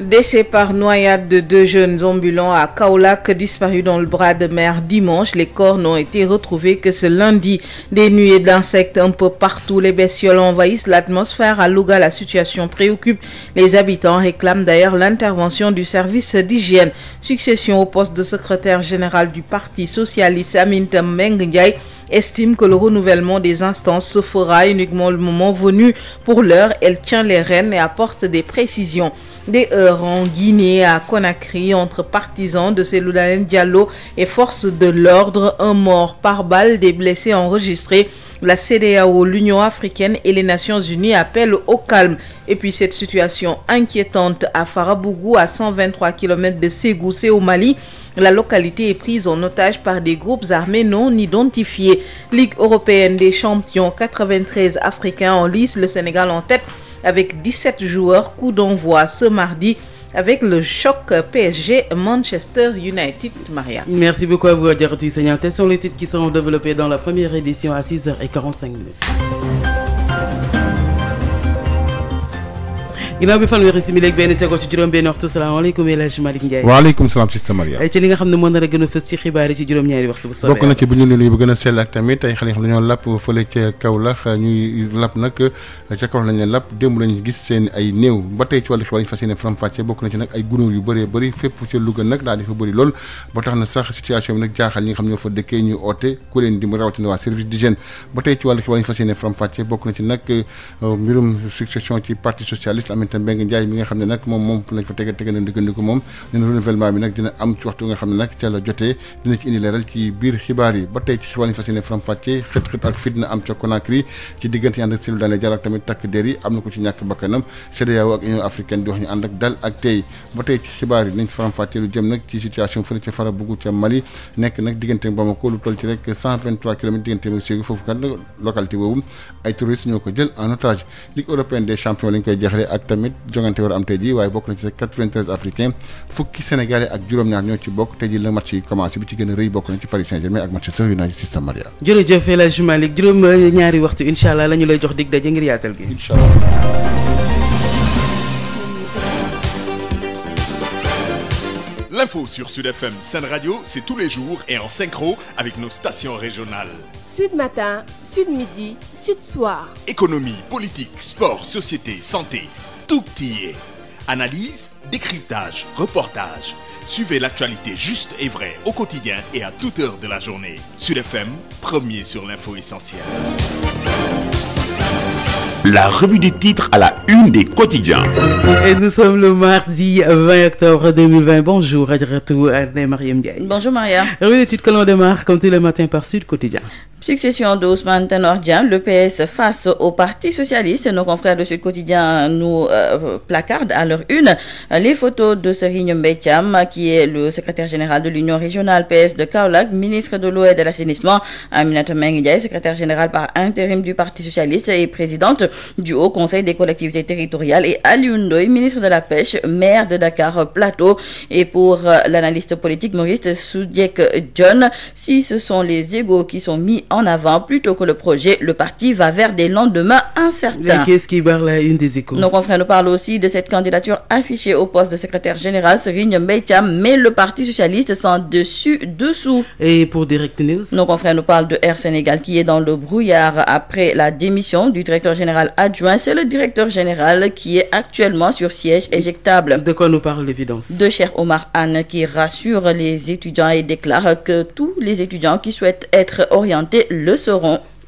Décès par noyade de deux jeunes ambulants à Kaolack disparus dans le bras de mer dimanche. Les corps n'ont été retrouvés que ce lundi. Des nuées d'insectes un peu partout. Les bestioles envahissent l'atmosphère. À Louga, la situation préoccupe. Les habitants réclament d'ailleurs l'intervention du service d'hygiène. Succession au poste de secrétaire général du Parti socialiste, Aminata Mbengue Ndiaye estime que le renouvellement des instances se fera uniquement Pour l'heure, elle tient les rênes et apporte des précisions. des heurts en Guinée à Conakry entre partisans de Cellou Diallo et force de l'ordre. Un mort par balle, des blessés enregistrés. La CEDEAO, l'Union africaine et les Nations unies appellent au calme. Et puis cette situation inquiétante à Farabougou, à 123 km de Ségou, c'est au Mali. La localité est prise en otage par des groupes armés non identifiés. Ligue européenne des champions 93 africains en lice, le Sénégal en tête. avec 17 joueurs. Coup d'envoi ce mardi avec le choc PSG Manchester United Maria. Merci beaucoup à vous, Adjaratou Seigneur. Tels sont les titres qui seront développés dans la première édition à 6h45 ginnaaw bi fanweeri simili ak benn tegoo ci juróom-benn waxtu salaamaaleykum El Hadj Malick Ndiaye waaleykum salaam si Samaria eh, ci li nga xam ne mën na gën a fës ci xibaar yi ci juróom-ñaari waxtu bu soobee bokk na ci bu ñu ay xale yoo ba tey ci wàllu xibaar yi na ci nag ay gunóor yu bëree bëri fépp ca Louga nag daal di fa bëri lool ba tax na sax situation bi nag jaaxal ñi nga xam ñoo fa dëkkee ñu oote ku leen di mu rawatina waa service d'hygiène ba tey ci wàllu xibaar yi ñu fas yéene te Mbengue Ndiaye mi nga xam ne nag moom moom lañ fa tege tege na diggante ñu ba tey ci lu jëm ci situation fële ca Farabougou ca diggante Bamako lu foofu kat localité boobu ay touristes ñoo ko jël en otage ligue européenne des champions lañ koy jeexale ak tamit tamit jongante war am tey ji waaye bokk na ci 93 africain fukki sénégalais ak juróom-ñaar ñoo ci bokk tey ji la match yi commencé bi ci gën a bokk na ci Paris Saint-Germain ak Manchester United ci Samaria. jërëjëf El Hadj lay jox dig daje ngir yaatal gi. incha allah. L'info les jours et en synchro avec nos stations régionales. Sud Sud Soir. Économie, politique, sport, société, santé. tout petit. Analyse, reportage. Suivez l'actualité juste et vraie au quotidien et à toute heure de la journée. Sud FM, premier sur l'info essentielle. La revue des titres à la une des quotidiens. nous sommes le mardi 20 octobre 2020. Bonjour Adjaratou Anne Mariam Diagne. Bonjour Maria. Revue des titres que l'on démarre comme tous les matins par Sud Quotidien. Succession de Ousmane Tanor Dieng, le PS face au Parti socialiste. Nos confrères de Sud Quotidien nous euh, placardent à leur une les photos de Serigne Mbaye Thiam, qui est le secrétaire général de l'Union régionale PS de Kaolack, ministre de l'eau et de l'assainissement, Aminata Mbengue Ndiaye, secrétaire générale par intérim du Parti socialiste et présidente du Haut Conseil des collectivités territoriales, et Alioune Ndoye, ministre de la pêche, maire de Dakar Plateau. Et pour euh, l'analyste politique Maurice Soudieck John, si ce les égaux qui sont en avant plutôt que le projet. Le parti va vers des lendemains incertains. la une des échos Nos confrères nous parlent aussi de cette candidature affichée au poste de secrétaire général Serigne Mbaye mais le Parti socialiste s'en dessus dessous. Nos confrères nous parlent de Air Sénégal qui est dans le brouillard après la démission du directeur général adjoint. C'est le directeur général qui est actuellement sur siège éjectable. De cher Omar Anne qui rassure les étudiants le seront.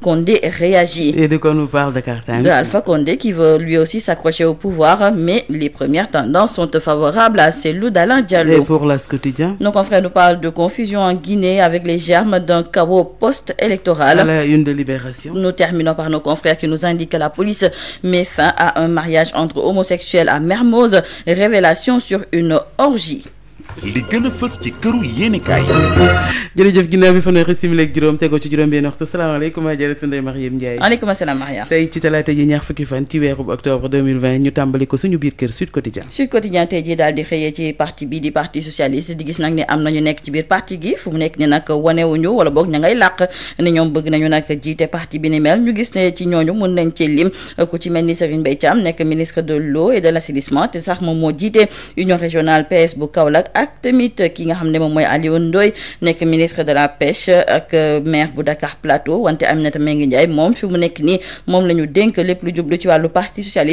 Condé réagit. Et de quoi nous parle Dakar Times Condé qui veut lui aussi s'accrocher au pouvoir, mais les premières tendances sont favorables à celui d'Alain Diallo. Nos confrères nous parlent de confusion en Guinée avec les germes d'un chaos post Nous terminons par nos confrères qui nous indiquent la police met fin à un mariage entre homosexuels à Mermoz, révélation sur une orgie. li gën fës ci këru yéenekaay jërëjëf ginnaaw bi fanweeri simili ak juróom tegoo ci juróom benn waxtu salaamaaleykum ajaratu Ndeye Mariam Mariam tey ci talaata ji ñaar fukki fan ci weerub octobre 2020 ñu tàmbali ko suñu biir kër Sud Quotidien Sud Quotidien tey ji daal di xëyee ci parti bi di parti socialiste di gis nag ne am nañu nekk ci biir parti gi fu mu nekk ni nag wanewuñu wala boog ña ngay làq ne ñoom bëgg nañu nag jiite parti bi ni mel ñu gis ne ci ñooñu mun nañ ci mel ni Serigne Mbaye Thiam nekk ministre de l'eau et de l'assainissement moom moo jiite union régionale PS bu Kaolack ak ak tamit ki nga xam ne moom mooy Alioune Ndoye nekk ministre euh, lu jublu ci wàllu parti euh,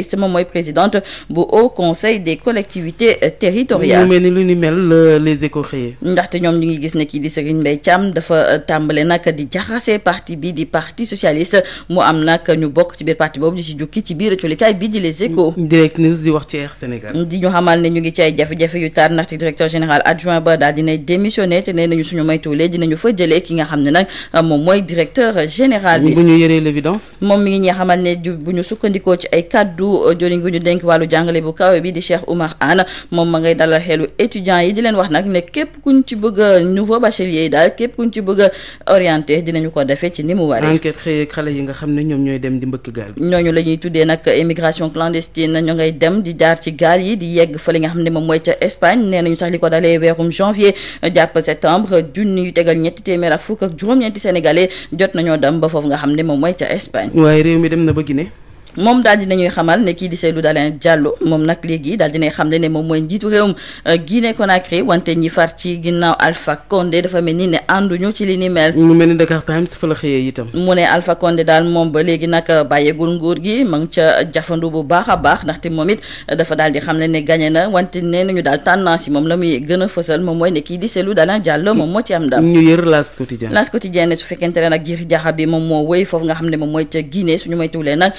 mel ni lu ni mel euh, les échos xëyee. ndaxte ñoom ñu ngi gis ne kii di Serigne Mbaye Thiam dafa tàmbale nag di jaxase parti bi di parti socialiste mu am nag ñu bokk ci biir parti boobu di jukki ci biir collikaay bi di les échos. direct news di wax ci Air Sénégal. di ñu xamal ne ñu ngi ci jafe-jafe yu tar ndaxte directeur général adjoint ba daal dina démissionné te nee nañu suñu maytuwulee dinañu fa jëlee ki nga xam ne nag euh, mooy directeur euh, général bi moom mi ngi ñi xamal ne bu ñu sukkandikoo ci ay kaddu euh, joriñ gu ñu dénk wàllu jàngale di Cheikh Oumar Anne moom ma ngay dalal xelu étudiants yi di leen wax nag ne képp kuñ ci bëgg a nouveau bachelier yi daal képp kuñ ci bëgg a orienté dinañu ko defee ci ni mu waree enquête xëy xale yi nga xam ne ñoom ñooy dem di mbëkk gaal ñooñu la ñuy tuddee nag immigration clandestine ñu ngay dem di jaar ci gaal yi di yegg ko dalee weerum janvier jàpp septembre junni yu tegal ñetti téeméer ak fukk ak juróom-ñeenti sénégalais jot nañoo dem ba foofu nga xam ne moom mooy ca Espagne. waaye réew mi dem na ba Guinée. moom daal di nañuy xamal ne kii di see Dalin Diallo moom nag léegi daal dinay xamle ne moom mooy njiitu réewum euh, Guinée Conakry wante ñi far ci ginnaaw Alpha Condé dafa mel ni ne ànduñu ci li ni mel. mu mel ni Dakar Times fa la xëyee itam. mu ne daal moom ba léegi nag euh, bàyyeegul nguur gi ma ca jafandu bu baax a baax ndaxte moom it euh, dafa daal di xamle ne gagné na wante nee nañu daal tendance yi moom la gën a fësal moom mooy ne kii moo ci am daal. ñu yër L'As Quotidien. L'As Quotidien su fekkente bi moom moo wéy foofu nga xam ne moom mooy ca Guinée suñu moytuwulee nag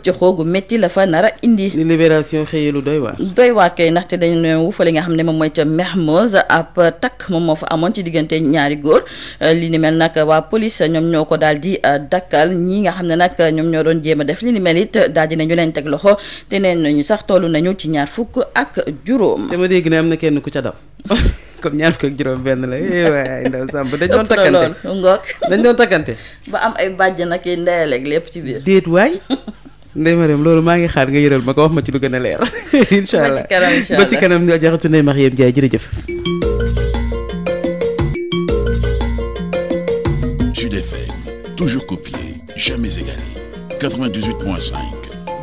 pëccëxoo gu métti la fa nar a indi. libération xëy lu doy waar. doy waar kay ndaxte dañu ne wu fa li nga xam ne moom mooy ca Mermoz ab takk moom moo fa amoon ci diggante ñaari góor euh, li ni mel nag waa police ñoom ñoo ko daal di euh, dakkal ñii nga xam ne nag ñoom ñoo doon jéem a def li ni it daal di nañu leen teg loxo te neen sax tollu nañu ci ñaar fukk ak juróom. dama dégg na kenn ku ca dam comme ñaar fukk ak juróom benn la eh dañ doon takkante ngoog ba am ay bàjj nag yi ndeyaleeg lépp ci biir déet waay Ndeye Mariam loolu maa ngi xaar nga yëral ma ko wax ma ci lu gën a leer. incha allah ba ci kanam nga jaxatu Ndeye Mariam Ndiaye jërëjëf. Sud FM toujours copié jamais égalé 98.5.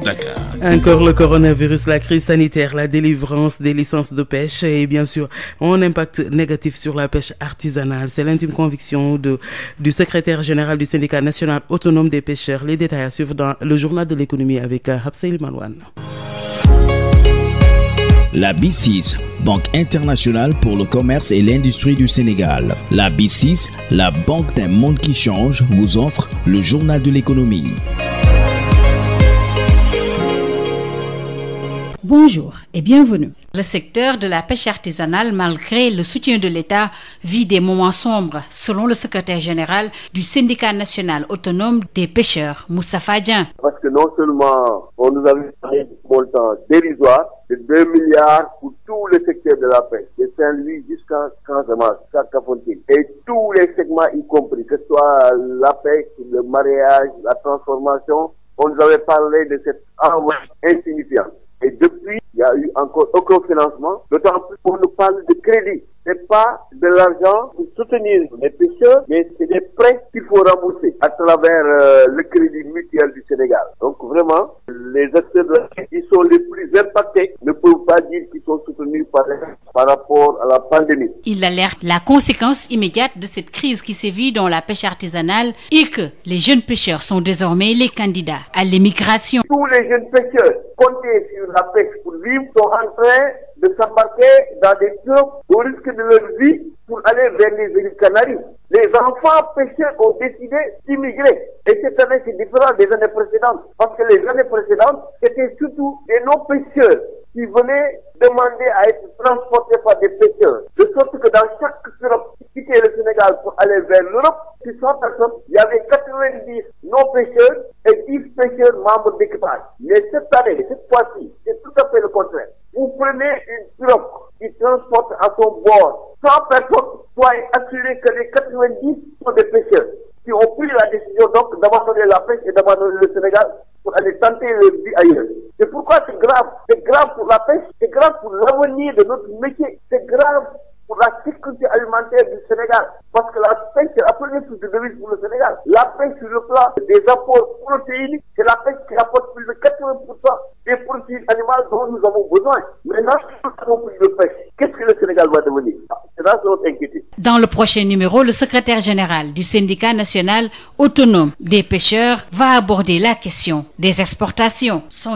Dakar. Encore le coronavirus, la crise sanitaire, la délivrance des licences de pêche et bien sûr un impact négatif sur la pêche artisanale. C'est l'intime conviction de du secrétaire général du syndicat national autonome des pêcheurs. Les détails à suivre dans le journal de l'économie avec euh, Habsaïl Manouane. La B6, Banque internationale pour le commerce et l'industrie du Sénégal. La B6, la banque d'un monde qui change, vous offre le journal de l'économie. Bonjour et bienvenue. Le secteur de la pêche artisanale, malgré le soutien de l'État, vit des moments sombres, selon le secrétaire général du syndicat national autonome des pêcheurs, Moustapha Dieng. Parce que non seulement on nous avait parlé de montant dérisoire de 2 milliards pour tout le secteur de la pêche, de Saint-Louis jusqu'à Casamance, jusqu'à Fontine, et tous les segments y compris, que ce soit la pêche, le mariage, la transformation, on Et depuis, il n'y a eu encore aucun financement, d'autant plus qu'on nous parle de crédit. Ce pas de l'argent pour soutenir les pêcheurs, mais c'est des prêts qu'il faut rembourser à travers euh, le crédit mutuel du Sénégal. Donc vraiment, les acteurs qui sont les plus impactés ne peuvent pas dire qu'ils sont soutenus par par rapport à la Il alerte la conséquence immédiate de cette crise qui sévit dans la pêche artisanale et que les jeunes pêcheurs sont désormais les candidats à l'émigration. Tous les jeunes pêcheurs comptés sur la pêche pour vivre sont en train de s'embarquer dans des clubs au risque de leur vie pour aller vers les îles Canaries. Les enfants pêcheurs ont décidé d'immigrer. Et cette année, c'est différent des années précédentes. Parce que les années précédentes, c'était surtout des non-pêcheurs qui venaient demander à être transportés par des pêcheurs. De sorte que dans chaque Europe qui quittait le Sénégal pour aller vers l'Europe, sur 100 il y avait 90 non-pêcheurs et 10 pêcheurs membres d'équipage. Mais cette année, cette vous prenez une pirogue qui transporte à son bord 100 personnes, soyez assurés que les 90 sont des pêcheurs qui ont pris la décision donc d'abandonner la pêche et d'abandonner le Sénégal pour aller tenter leur vie ailleurs. C'est pourquoi c'est grave. C'est grave pour la pêche, c'est grave pour l'avenir de notre métier, c'est grave pour la sécurité alimentaire du Sénégal. Parce que la pêche, c'est la première source de devise pour le Sénégal. La pêche sur le plan des apports protéiniques, c'est la pêche qui apporte plus de 80% des protéines animales dont nous avons besoin. Maintenant, si nous n'avons plus de pêche, qu'est-ce que le Sénégal va devenir? C'est là notre Dans le prochain numéro, le secrétaire général du syndicat national autonome des pêcheurs va aborder des exportations. C'en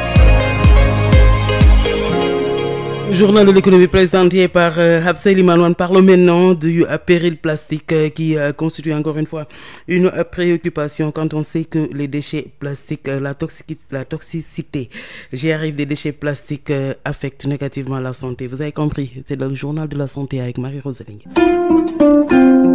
Journal de l'économie présenté par Habsel euh, Imanouane. Parlons maintenant du euh, péril plastique euh, qui constitue encore une fois une préoccupation quand on sait que les déchets plastiques, la, toxic la toxicité, j'y arrive, des déchets plastiques affectent négativement la santé. Vous avez compris, c'est le journal de la santé avec Marie-Rosaline.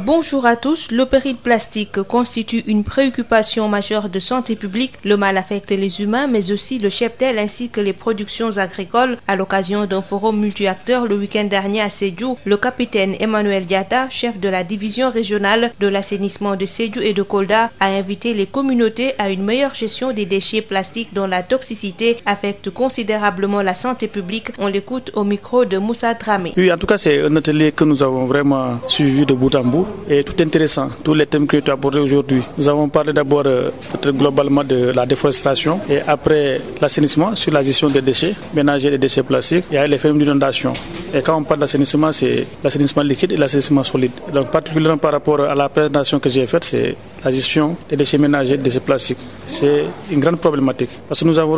Bonjour à tous. Le péril plastique constitue une préoccupation majeure de santé publique. Le mal affecte les humains, mais aussi le cheptel ainsi que les productions agricoles. À l'occasion d'un forum multi le week-end dernier à Sédhiou, le capitaine Emmanuel Diatta, chef de la division régionale de l'assainissement de Sédhiou et de Kolda, a invité les communautés à une meilleure gestion des déchets plastiques dont la toxicité affecte considérablement la santé publique. On l'écoute est tout intéressant, tous les thèmes que tu as abordés aujourd'hui. Nous avons parlé d'abord euh, globalement de la déforestation et après l'assainissement sur la gestion des déchets, ménager les déchets plastiques et les phénomènes d'inondation. Et l'assainissement solide. particulièrement par rapport à la présentation que j'ai faite, c'est la gestion des déchets ménagers, des déchets plastiques. C'est une grande problématique parce que nous avons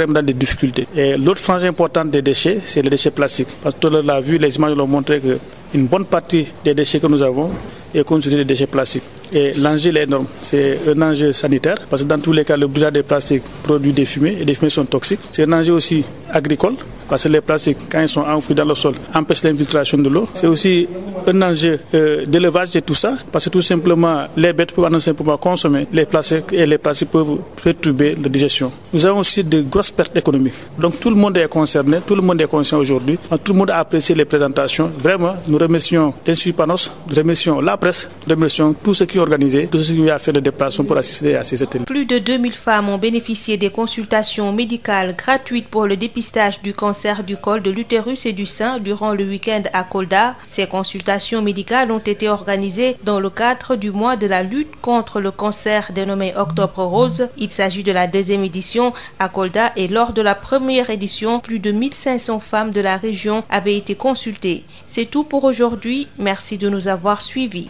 vraiment dans des difficultés. Et l'autre frange importante des déchets, c'est les déchets plastiques. Parce que tout à l'heure, vu, les images l'ont montré qu'une bonne partie des déchets que nous avons et constitué de déchets plastiques. Et l'enjeu est énorme. C'est un enjeu sanitaire parce que dans tous les cas, le bouillage des plastiques produit des fumées et les fumées sont toxiques. C'est un enjeu aussi agricole parce que les plastiques, quand ils sont enfouis dans le sol, empêchent l'infiltration de l'eau. C'est aussi un enjeu euh, d'élevage de tout ça parce que tout simplement, les bêtes peuvent non les plastiques et les plastiques peuvent la presse, l'administration, tous ceux qui ont organisé, tous ceux qui ont fait le Plus de femmes ont bénéficié des consultations médicales gratuites pour le dépistage du cancer du col de l'utérus et du sein durant le week-end à Kolda. Ces consultations médicales ont été organisées dans le cadre du mois de la lutte contre le cancer dénommé Octobre Rose. Il s'agit de la deuxième édition à Kolda et lors de la première édition, plus de femmes de la région avaient été consultées. C'est tout pour aujourd'hui. Merci de nous avoir suivis.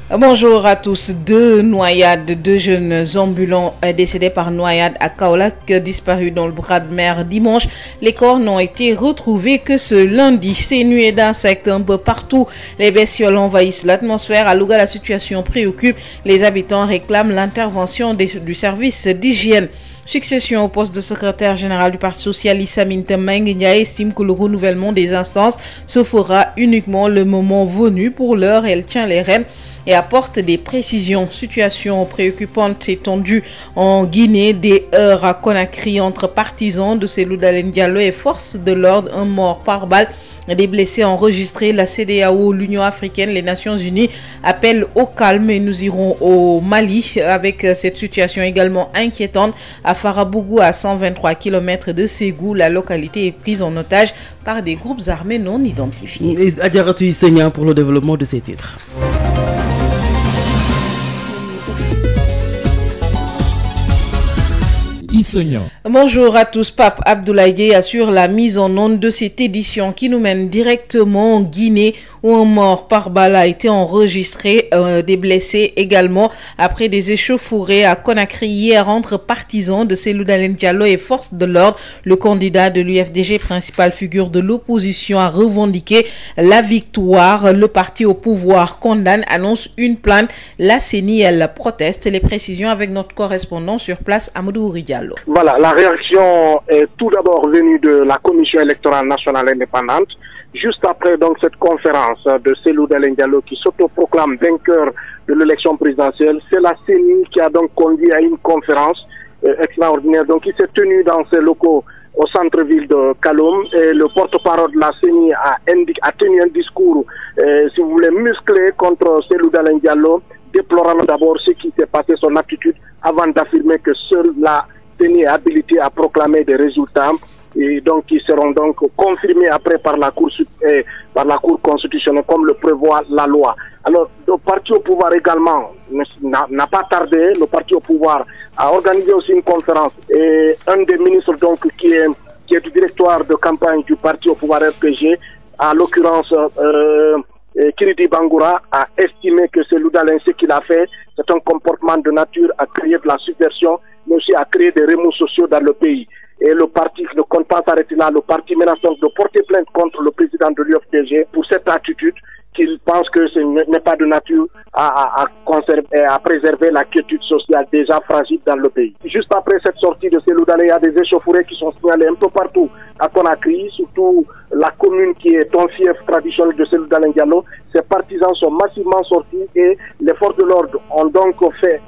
Bonjour à tous. Deux noyades, deux jeunes ambulants décédés par noyade à Kaolack, disparus dans le bras de mer dimanche. Les corps n'ont été retrouvés que ce lundi. Ces nuées d'insectes un peu partout. Les bestioles envahissent l'atmosphère. À Louga, la situation préoccupe. Les habitants réclament l'intervention du service d'hygiène. Succession au poste de secrétaire général du Parti socialiste, Aminata Mbengue Ndiaye estime que le renouvellement des instances se uniquement le moment venu. Pour et apporte des précisions. Situation préoccupante étendue en Guinée, des heurts à Conakry de Cellou Dalein Diallo et forces de un mort par balle, des blessés enregistrés. La CEDEAO, l'Union africaine, les Nations unies appellent au calme et nous irons au Mali avec euh, cette situation également inquiétante à Farabougou à 123 km de Ségou. La localité est prise en par des groupes armés non identifiés. Adjaratou pour le développement de ces titres. Bonjour à tous. Pape Abdoulaye assure la mise en onde de cette édition qui nous mène directement en Guinée où un mort par balle a été enregistré, euh, des blessés également après des échauffourées à Conakry hier entre partisans de Cellou Dalein et forces de l'ordre. Le candidat de l'UFDG, principale figure de l'opposition, a revendiqué la victoire. Le parti au pouvoir condamne, annonce une plainte. La CENI, proteste. Les précisions avec notre correspondant Voilà, la réaction est tout d'abord venue de la Commission électorale nationale indépendante. Juste après donc cette conférence de Cellou Dalein Diallo qui s'autoproclame vainqueur de l'élection présidentielle, c'est la CENI qui a donc conduit à une conférence euh, extraordinaire donc qui s'est tenue dans ses locaux au centre-ville de Kaloum et le porte-parole de la CENI a, indiqué, a tenu un discours, euh, si vous voulez, musclé contre Cellou Dalein Diallo, déplorant d'abord ce qui s'est passé, son attitude, avant d'affirmer que la tenus et habilités à proclamer des résultats et donc qui seront donc confirmés après par la Cour eh, par la constitutionnelle comme le prévoit la loi. Alors le parti au pouvoir également n'a pas tardé, le parti au pouvoir a organisé aussi une conférence et un des ministres donc qui est du directoire de campagne du parti au pouvoir RPG, à l'occurrence euh, Et Kiriti Bangoura a estimé que c'est Loudalin ce qu'il a fait, c'est un comportement de nature à créer de la subversion, mais aussi à créer des remous sociaux dans le pays. Et le parti ne compte pas s'arrêter là. Le parti menace donc de porter plainte contre le président de l'UFDG pour cette attitude qu'il pense que ce n'est pas de nature à, à, à, conserver, à préserver la quiétude sociale déjà fragile dans le pays. Juste après cette sortie de Selou il y a des échauffourées qui sont signalées un peu partout à Conakry, surtout la commune qui est un fief traditionnel de Selou Ses partisans sont massivement sortis et les forces de l'ordre ont donc fait,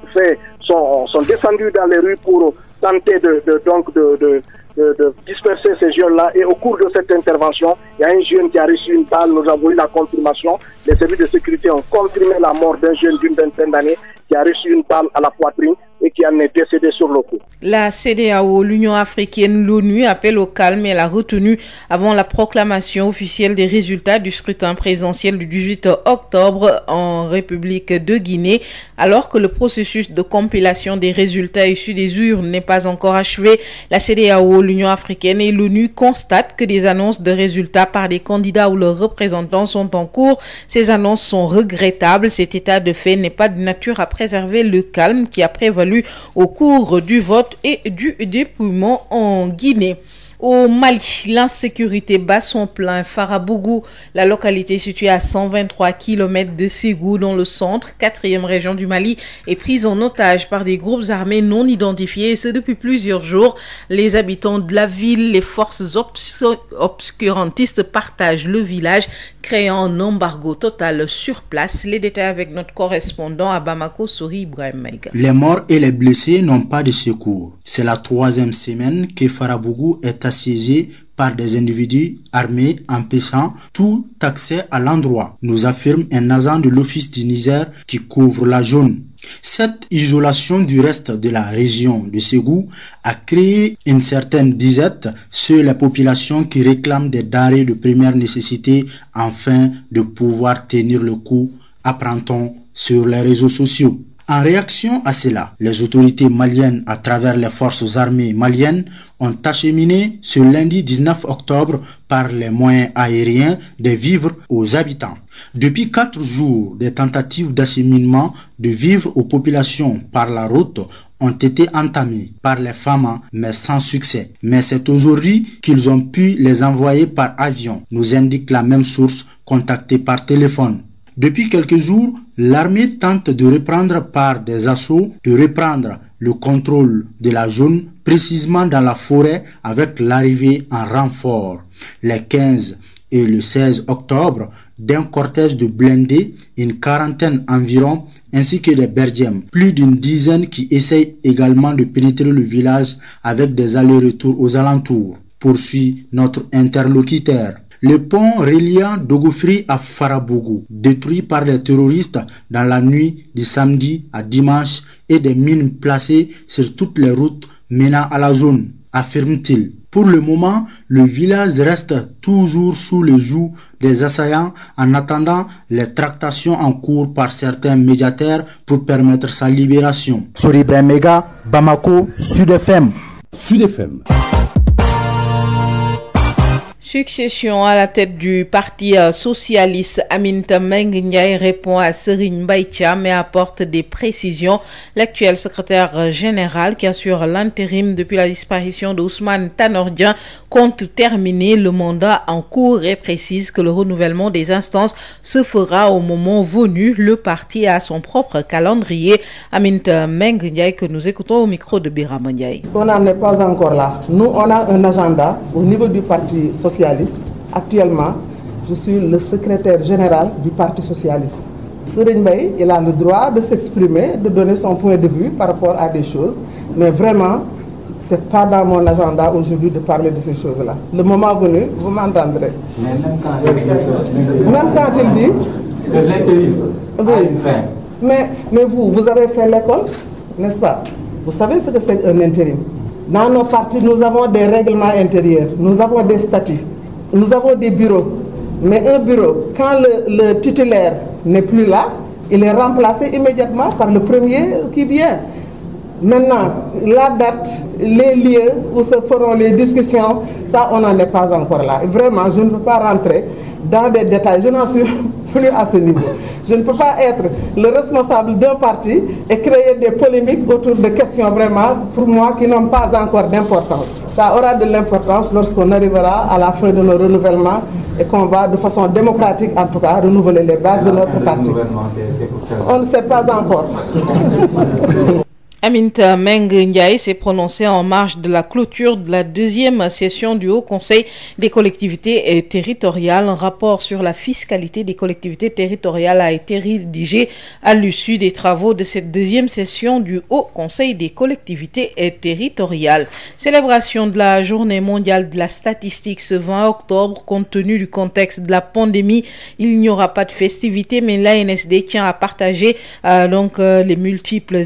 sont, sont dans les rues pour tenté de, de donc de, de, de, disperser ces jeunes-là. Et au cours de cette intervention, il y a un jeune qui a reçu une balle. Nous avons eu la confirmation. Les services de sécurité ont confirmé la mort d'un jeune d'une vingtaine d'années qui a reçu une balle à la poitrine. et La CEDEAO, l'Union africaine, l'ONU appellent au calme et à la retenue avant la proclamation officielle des résultats du scrutin présidentiel du 18 octobre en République de Guinée, alors que le processus de compilation des résultats issus des urnes n'est pas encore achevé. La CEDEAO, l'Union africaine et l'ONU constatent que des annonces de résultats par des candidats ou leurs représentants sont en cours. Ces annonces sont regrettables. Cet état de fait n'est pas de a élus au cours du vote et du dépouillement en Guinée. Au Mali, l'insécurité bat son plein. Farabougou, la localité située à 123 km de Ségou, dans le centre, quatrième région du Mali, est prise en otage par des groupes armés non identifiés et ce depuis plusieurs jours. Les habitants de la ville, les forces obscurantistes partagent le village, créant un embargo total sur place. Les détails avec notre correspondant à Bamako, Souri Ibrahim Les morts et les blessés n'ont pas de secours. C'est la troisième semaine assiégé par des individus armés empêchant tout accès à l'endroit, nous affirme un agent de l'Office du Niger qui couvre la zone. Cette isolation du reste de la région de Ségou a créé une certaine disette sur la population qui réclame des denrées de première nécessité afin de pouvoir tenir le coup, apprend-on sur les réseaux sociaux. En réaction à cela, les autorités maliennes à travers les forces armées maliennes ont acheminé ce lundi 19 octobre par les moyens aériens des vivres aux habitants. Depuis quatre jours, des tentatives d'acheminement de vivres aux populations par la route ont été entamées par les femmes, mais sans succès. Mais c'est aujourd'hui qu'ils ont pu les envoyer par avion, nous indique la même source contactée par téléphone. Depuis quelques jours, l'armée tente de reprendre par des assauts, de reprendre le contrôle de la zone, précisément dans la forêt, avec l'arrivée en renfort. Les 15 et le 16 octobre, d'un cortège de blindés, une quarantaine environ, ainsi que des Berdièmes, plus d'une dizaine qui essayent également de pénétrer le village avec des allers-retours aux alentours, poursuit notre interlocuteur. Le pont reliant Dogofri à Farabougou, détruit par les terroristes dans la nuit du samedi à dimanche et des mines placées sur toutes les routes menant à la zone, affirme-t-il. Pour le moment, le village reste toujours sous le joug des assaillants en attendant les tractations en cours par certains médiateurs pour permettre sa libération. Succession à la tête du parti euh, socialiste, Aminata Mbengue Ndiaye répond à Serigne Mbaye Thiam et apporte des précisions. L'actuel secrétaire euh, général qui assure l'intérim depuis la disparition de Ousmane Tanor Dieng compte terminer le mandat en cours et précise que le renouvellement des instances se fera au moment venu. Le parti a son propre calendrier. Aminata Mbengue Ndiaye que nous écoutons au micro de Birama Ndiaye. On n'en est socialiste actuellement je suis le secrétaire général du parti socialiste Serigne Mbaye il a le droit de s'exprimer de donner son point de vue par rapport à des choses mais vraiment c'est pas dans mon agenda aujourd'hui de parler de ces choses-là le moment venu vous m'entendrez mais même quand il dit même quand a une fin mais mais vous vous avez fait l'école nest pas vous savez ce que c'est un intérim dans nos partis nous avons des règlements intérieurs nous avons des statuts nous avons des bureaux mais un bureau quand le le titulaire n'est plus là il est remplacé immédiatement par le premier qui vient maintenant la date les lieux où se feront les discussions ça on n'en est pas encore là vraiment je ne peux pas rentrer dans des détails. Je n'en suis plus à ce niveau. Je ne peux pas être le responsable d'un parti et créer des polémiques autour de questions vraiment, pour moi, qui n'ont pas encore d'importance. Ça aura de l'importance lorsqu'on arrivera à la fin de nos renouvellements et qu'on va, de façon démocratique en tout cas, renouveler les bases de ah, notre parti. On ne sait pas encore. Aminata Mbengue Ndiaye s'est prononcée en marge de la clôture de la deuxième session du Haut Conseil des collectivités euh, territoriales. Un rapport sur la fiscalité des collectivités territoriales a été rédigé à l'issue des travaux de cette deuxième session du Haut Conseil des collectivités euh, territoriales. Célébration de la Journée mondiale de la statistique ce 20 octobre, compte tenu du contexte de la pandémie, il n'y aura pas de festivités, mais l'ANSD tient à partager euh, donc euh, les multiples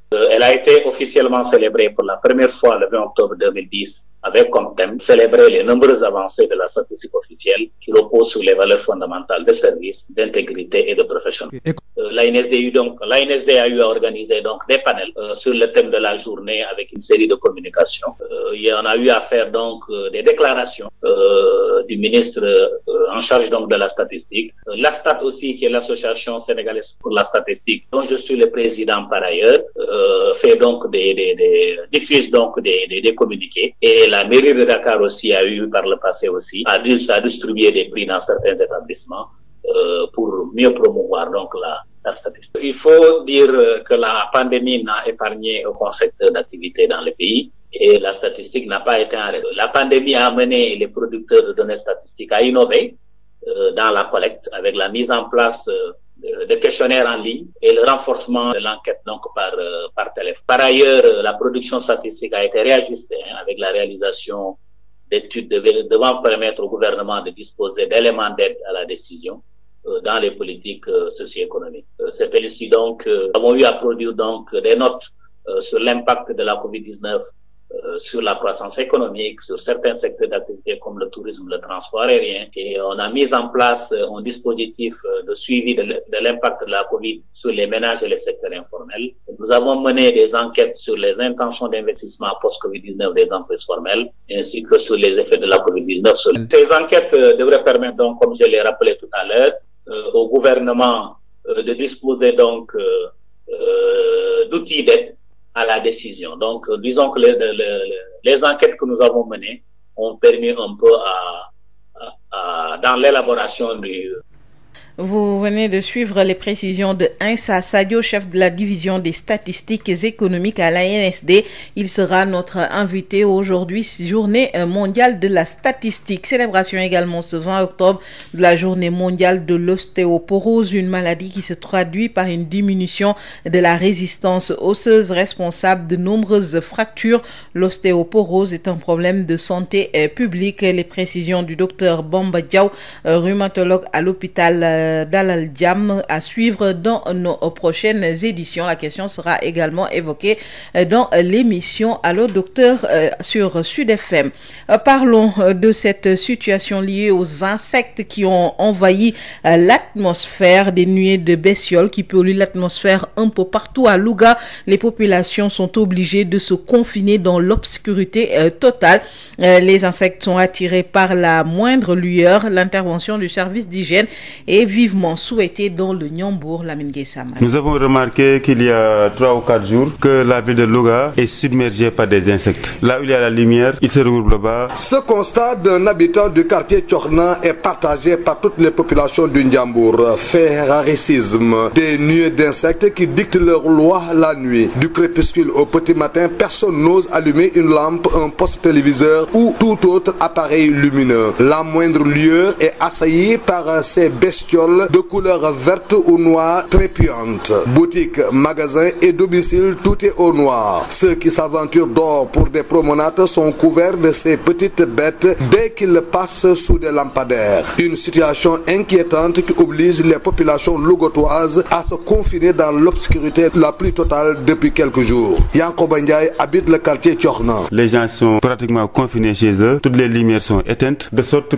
Euh, elle a été officiellement célébrée pour la première fois le 20 octobre avec comme thème célébrer les nombreuses avancées de la statistique officielle qui repose sur les valeurs fondamentales de service, d'intégrité et de professionnalisme. Euh, l'ANSD a eu à organiser des panels euh, sur le thème de la journée avec une série de communications. Euh, il a eu à faire donc euh, des déclarations euh, du ministre euh, en charge donc de la statistique. Euh, la Stat aussi, qui est l'association sénégalaise pour la statistique, dont je suis le président par ailleurs, euh, fait donc des, des, des donc des, des, des communiqués. Et la mairie de Dakar aussi a eu par le passé aussi a, distribué des prix dans certains établissements pour mieux promouvoir donc la, la statistique. Il faut dire que la pandémie n'a épargné aucun secteur d'activité dans le pays. et la statistique n'a pas été en reste. La pandémie a amené les producteurs euh, dans la collecte avec la mise en place euh, de questionnaires en ligne et le donc par euh, par Par ailleurs, euh, production statistique a été réajustée hein, avec de, devant permettre au gouvernement de disposer d'éléments d'aide à la décision euh, dans les politiques socio-économiques. C'est ainsi des notes sur l'impact la Covid-19 Euh, sur la croissance économique, sur certains secteurs d'activité comme le tourisme, le euh, euh, la COVID sur les ménages et sur les intentions d'investissement post-COVID-19 des entreprises formelles, ainsi que sur les effets de la COVID-19. Ces enquêtes devraient permettre donc, donc euh, d'outils d'aide à la décision. Donc, euh, disons que les, les, les enquêtes que nous avons menées ont permis un peu à, à, à dans l'élaboration du Vous venez de suivre les précisions de Insa Sadio, chef de la division des statistiques économiques à l'ANSD. Il sera notre invité aujourd'hui, journée mondiale de la statistique. Célébration également ce octobre de la journée mondiale de l'ostéoporose, une maladie qui se traduit par une diminution de la résistance osseuse responsable de nombreuses fractures. L'ostéoporose est un problème de santé euh, publique. Les précisions du docteur Bamba Diaw, euh, rhumatologue dalal jàmm à suivre dans nos prochaines éditions la question sera également évoquée euh, dans l'émission Allô docteur euh, sur Sud FM euh, parlons de cette situation liée aux insectes qui ont envahi l'atmosphère des nuées de bestioles qui polluent l'atmosphère un peu partout à Louga les populations sont obligées de se confiner dans l'obscurité totale les insectes sont attirés par la moindre lueur l'intervention du service d'hygiène vivement souhaitée dans le Niambour Lamine Gueye Samara. Nous avons remarqué qu'il y a trois ou quatre jours que la ville de Louga est submergée par des insectes. Là où il y a la lumière, ils se regroupent bas Ce constat d'un habitant du quartier Thiorna est partagé par toutes les populations du Ndiambour. Fait des nuées d'insectes qui dictent leur loi la nuit. Du crépuscule au petit matin, personne n'ose allumer une lampe, un poste téléviseur ou tout autre appareil carrioles de couleur verte ou noire très puante. Boutiques, magasins et domiciles, tout est au noir. Ceux qui s'aventurent dehors pour des promenades sont couverts de ces petites bêtes dès qu'ils passent sous des lampadaires. Une situation inquiétante qui oblige les populations logotoises à se confiner dans l'obscurité la plus totale depuis quelques jours. Yankoba Ndiaye habite le quartier Tchorna. Les gens sont pratiquement confinés chez eux. Toutes les lumières sont éteintes, de sorte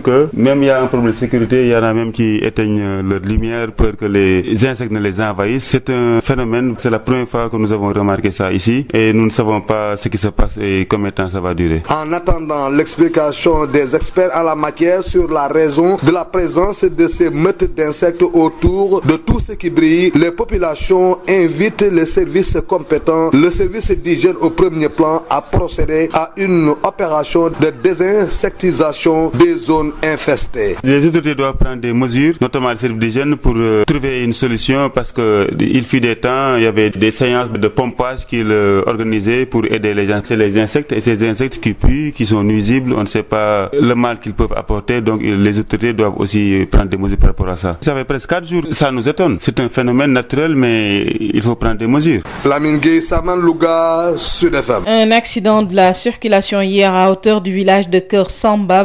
sécurité, y même qui éteignent euh, leur lumière, peur que les insectes ne les envahissent. C'est un phénomène, c'est la première fois que nous avons remarqué ça ici et nous ne savons pas ce qui se passe et combien de temps va durer. En attendant l'explication des experts à la matière sur la raison de la présence de ces meutes d'insectes autour de tout ce qui brille, les populations invitent les services compétents, le service d'hygiène au premier plan, à procéder à une opération de désinsectisation des zones des mesures, notamment service d'hygiène pour euh, trouver une solution parce que il des temps, il y avait des séances de pompage qu'ils euh, pour aider les insectes et ces insectes qui sont nuisibles, on ne sait pas le mal qu'ils peuvent apporter, donc les autorités doivent aussi prendre des mesures par rapport à ça. Ça fait presque phénomène naturel, mais il faut prendre des mesures. Lamine Gueye, Saman Sud FM. Un accident de la circulation hier à hauteur du village de Kër Samba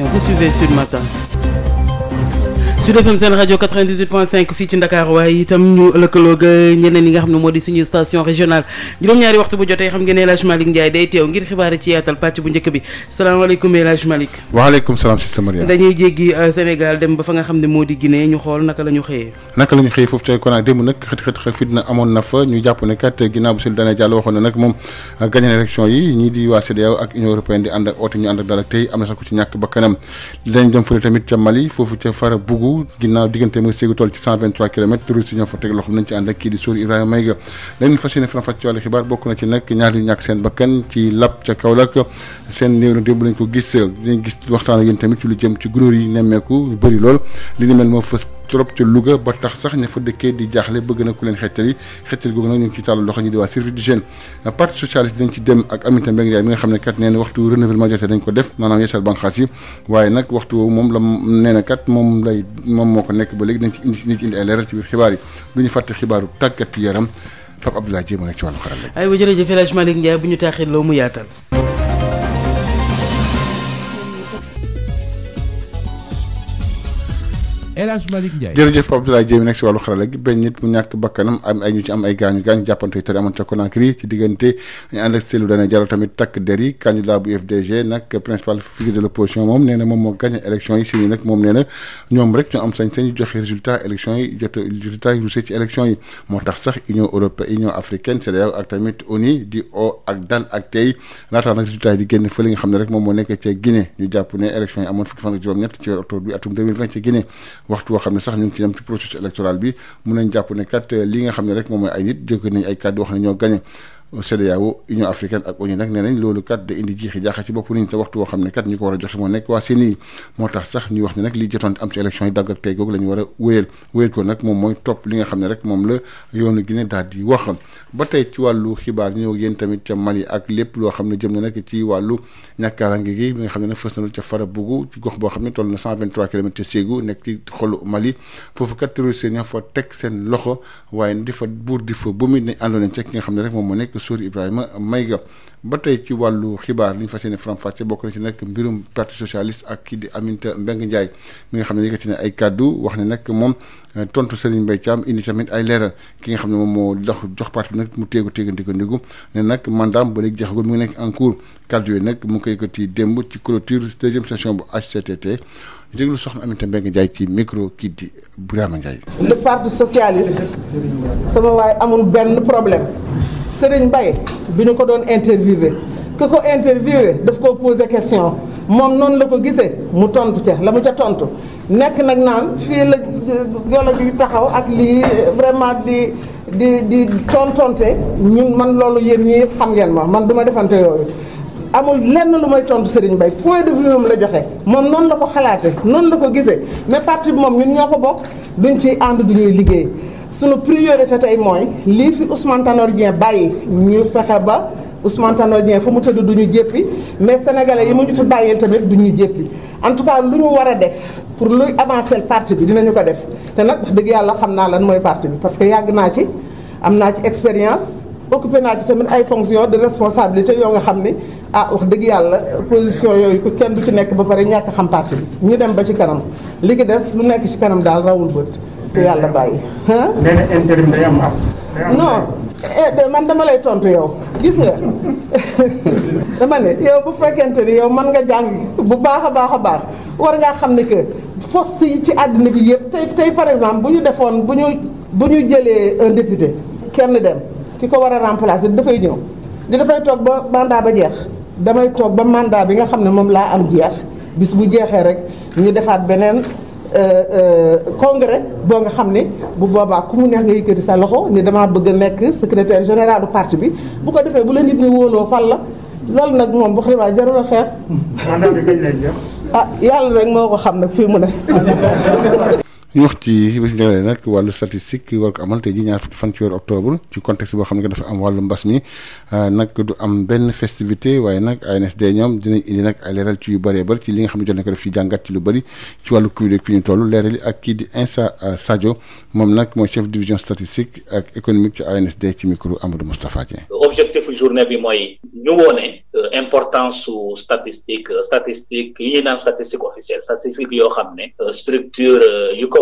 information vous suivez Matin su FM seen rajo 98.5 fii ci Ndakaar waaye itam ñu lëkkaloog ñeneen yi nga xam ne moo di suñu station régionale juróom-ñaari waxtu bu jotee xam ngeen ne El Hadj Malick day teew ngir xibaar ci yaatal pàcc bu njëkk bi salaamaaleykum El Hadj Malick. waaleykum salaam si Samaria. dañuy jéggi euh, Sénégal dem ba fa nga xam ne moo di Guinée ñu xool naka la ñu xëyee. naka la xëyee foofu tey kon démb nag xët xët xët fitna amoon na fa ñu jàpp ne kat googu ginnaaw diggante mooy séegu toll ci 123 kilomètres touristes yi ñoo fa teg loo xam nañ ci ànd ak di Sory xibaar bokk na ci nag ñaar ñu ñàkk seen bakkan ci lap ca Kaolack seen néew na démb lañ ko gis dinañ gis waxtaan ak yéen yi dañ ci dem ak Aminata Mbengue Ndiaye mi nga xam ne kat nee waxtu renouvellement jotee dañ ko def maanaam yeesal banqaas yi waaye nag waxtu moom la nee moom lay moom moo ko nekk ba léegi dañ ci indi dañ indi ay leeral ci biir xibaar yi du ñu fàtte xibaaru tàggat yaram Pape Abdoulaye Dieng mu nekk ci wàllu xarala. aywa jërëjëf El Hadj bu ñu taaxee loo mu yaatal. El Hadj Malick Ndiaye jërëjëf Pape Abdoulaye Dièye mi nekk si wàllu xarala gi benn nit mu ñàkk bakkanam am ay ñu ci am ay gaañu gaañ jàppante yi amoon ca Conakry ci diggante ñu tamit takk der yi candidat bu UFDG nag principal figure de moom nee na moom moo gagné élection yi sini nag moom nee na ñoom rek ñoo am sañ-sañ yu yi jot résultat yu moo tax sax union européenne union africaine CEDEAO ak tamit ONU di o ak dal ak tey laataa nag résultat yi moom moo nekk ca Guinée ñu jàpp ne élection yi amoon fukki fan ak juróom-ñett ci weer octobre bi atum 2020 waxtu woo xam ne sax ñu ngi ci dem ci processus électoral bi mun nañ jàpp ne kat euh, li nga xam ne rek moom mooy ay nit jóge nañ ay kàddu wax ne ñoo gagné CEDEAO Union africaine ak ONU nag nee nañ loolu kat da indi jiixi jaaxa ci bopp nit ñi waxtu woo xam ne kat ñi ko war a joxe moo nekk wax ne nag li jotoon am ci élection yi dagg ak a wéyal moom mooy topp li nga xam ne rek moom la yoonu Guinée daal di wax tey ci wàllu xibaar ñëw yéen tamit ca Mali ak lépp loo xam ne jëm na nag ci wàllu ñàkkaarange gi bi nga xam ne nag fës na lu ca Farabougou gox boo xam ne toll na 123 kilomètres ci Ségou nekk ci xolu Mali foofu kat teg seen loxo waaye di fa buur di fa bu mi nañ àndoon nañ ci xam ne rek moom moo nekk kër Sori Ibrahima Mayga ba tey ci wàllu xibaar li ñu fas yéene bokk na ci nag mbirum parti socialiste ak kii di Aminata Mbengue Ndiaye mi nga xam ne yëkkati na ay kàddu wax ne nag moom euh, tontu Serigne Mbaye Thiam indi tamit ay leeral ki nga xam ne moom moo dox jox parti bi nag mu téegu téegante ko ndigu ne nag mandaam ba léegi jeexagul mu ngi nekk en cours kàddu yooyu nag mu ngi koy yëkkati démb ci clôture deuxième session bu HCCT ñu déglu soxna Aminata Mbengue Ndiaye ci micro kii di Birama Ndiaye. le parti socialiste. sama waay amul benn problème. Serigne Mbaye bi ñu ko doon interviewé ki ko interviewé daf koo posé question moom noonu la ko gisee mu tontu ca la mu ca tontu nekk nag naan fii la jolo euh, di taxaw ak lii vraiment di di di tontonte ñun man loolu yéen ñii yëpp xam ngeen ma man du defante amul lenn lu may tontu Serigne Mbaye point de vue moom la joxe moom noonu la ko xalaate noonu la ko gisee mais parti bi moom ñun ñoo ko bokk duñ ci ànd du ñuy liggéey. sunu priorité tey mooy lii fi Ousmane Tanor bàyyi ñu fexe ba Ousmane Tanor Dieng fa mu tëdd duñu ñu jéppi mais sénégalais yi mu ñu fi bàyyil tamit du ñu jéppi en tout cas lu ñu war a def pour luy avancer parti bi dina ñu ko def te nag wax dëgg yàlla xam naa lan mooy parti bi parce que yàgg naa ci am naa ci expérience occupé naa ci tamit ay fonction de responsabilité yoo nga xam ni ah wax dëgg yàlla position yooyu ku kenn du ci nekk ba pare ñàkk xam parti ñu dem ba ci kanam li ki des lu nekk ci kanam daal rawul bët fi yàlla bàyyi. nee na intérim day am non eh, man dama lay tontu yow gis nga dama ne yow bu fekkente ni yow man nga jàng bu baax a baax a baax war ngaa xam ne que poste yi ci àddina bi yëpp tey tey par exemple bu ñu defoon bu ñu bu ñu jëlee un député kenn dem ki ko war a remplacer dafay ñëw di dafay toog ba mandat ba jeex damay toog ba mandat bi nga xam ne moom laa am jeex bis bu jeexee rek ñu defaat beneen. Euh, euh, congrès boo nga xam ne bu boobaa ku mu neex nga yëkkati sa loxo ni damaa bëgg a nekk secrétaire général du parti bi bu ko defee bu la nit ñi wóoloo fal la loolu nag moom bu xibaar jarul a xeex. ah yàlla rek moo ko xam nag fi mu ne. ñu wax ci bi ñu nag wàllu statistique war ko amal tey ji ñaar fukki fan ci weeru octobre ci contexte boo xam ne dafa am wàllu mbas mi euh, nag du am benn festivité waaye nag ANSD ñoom dinañ indi nag ay leeral ci yu bëree bëri ci li nga xam ne jot na def fi jàngat ci lu bëri ci wàllu Covid fi ñu toll leeral yi ak kii di Insa euh, Sadio moom nag mooy chef division statistique ak économique ci ANSD ci micro Amadou Moustapha Dieng. Euh, objectif journée bi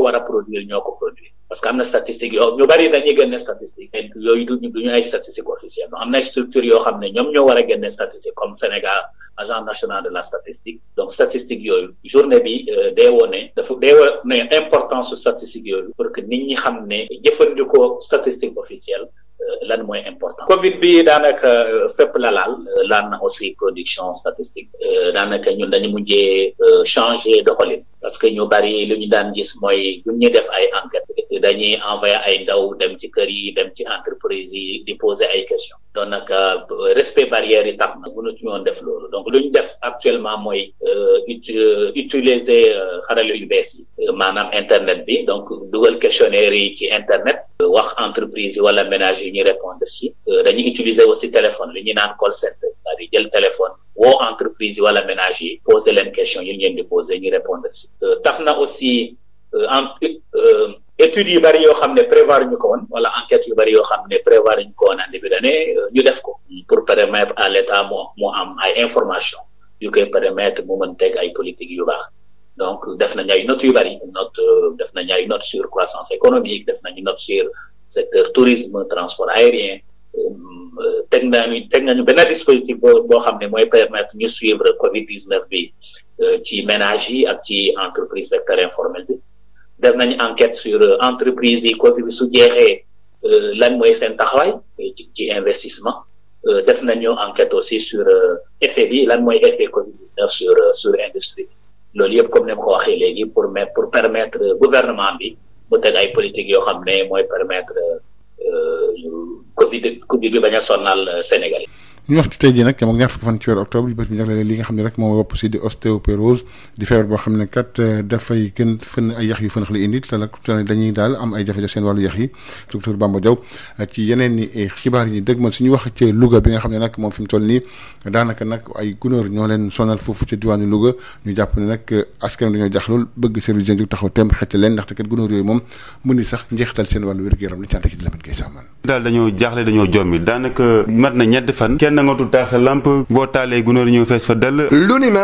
war a produire ñoo ko produire parce que am na statistique ñu bari dañuy génne statistique mais yooyu duñu duñu ay statistique officielle am na structure yoo xam ne ñoom ñoo war a génne statistique comme Sénégal agent national de la statistique donc statistique yooyu journée bi euh, day wone dafa day wone importance su statistique yooyu pour que nit ñi xam ne jëfandikoo statistique officielle euh, lan mooy important Covid bi daanaka euh, fépp la laal laal na aussi production statistique daanaka ñun dañu mujjee changer doxalin parce que ñu bari lu ñu daan gis mooy ñu def ay enquêtes. dañuy envoyé ay ndaw dem ci kër yi dem ci entreprise yi di poser ay question donc nag euh, respect barrière yi tax na mënatuñu woon def loolu donc lu ñu def actuellement mooy euh, euh, utiliser xarala yu bees yi maanaam internet bi donc dugal questionnaire yi ci internet wax entreprise yi wala ménage yi ñu répondre ci dañuy utiliser aussi téléphone li ñuy naan call center c'est-à-dire jël téléphone woo entreprise yi wala ménage yi poser leen question yi ñu leen di poser ñu répondre ci tax na aussi en études yu bëri yoo xam ne prévoir ñu ko woon wala enquêtes yu bëri yoo xam ne prévoir ñu ko woon euh, ñu def ko pour permettre à l'État mu mu am ay information yu koy permettre mu mën teg ay politique yu baax donc def nañ ay not yu bëri not euh, def nañ ay notes sur croissance économique def na nañu note sur secteur tourisme transport aérien euh, teg nañu teg nañu benn dispositif boo boo xam ne mooy permettre ñu suivre Covid 19 bi ci ménage yi ak ci entreprise secteur informel bi def nañu enquête sur euh, entreprise yi Covid bi jeexee euh, lan mooy seen taxawaay ci ci investissement euh, def nañu enquête aussi sur effet bi lan mooy effet Covid 19 sur sur industrie loolu yëpp comme ni ma ko waxee léegi pour mettre pour permettre gouvernement bi mu teg ay politique yoo xam ne mooy permettre Covid Covid bi bañ a sonal Sénégal ñu waxtu tey jii nag moom ñaar fukki fan ci weeru bi nga xam ne rek moom wopp si di ostéoporose di feebar boo xam ne kat euh, dafay gën fën euh, eh, wax ci Louga bi nga xam ne nag moom fi toll nii daanaka nag ay gunóor ñoo leen sonal foofu ci diwaanu Louga ñu jàpp ne nag euh, askan dañoo jaxlul gunóor yooyu moom mun ni sax njeextal seen wàllu wér-gu-yaram la cànte ci di laman koy sàmman daal dañoo jaaxle dañoo jommi daanaka mat na ñett fan nangatul taal sa lamp gunóor ñëw fees fa dell nga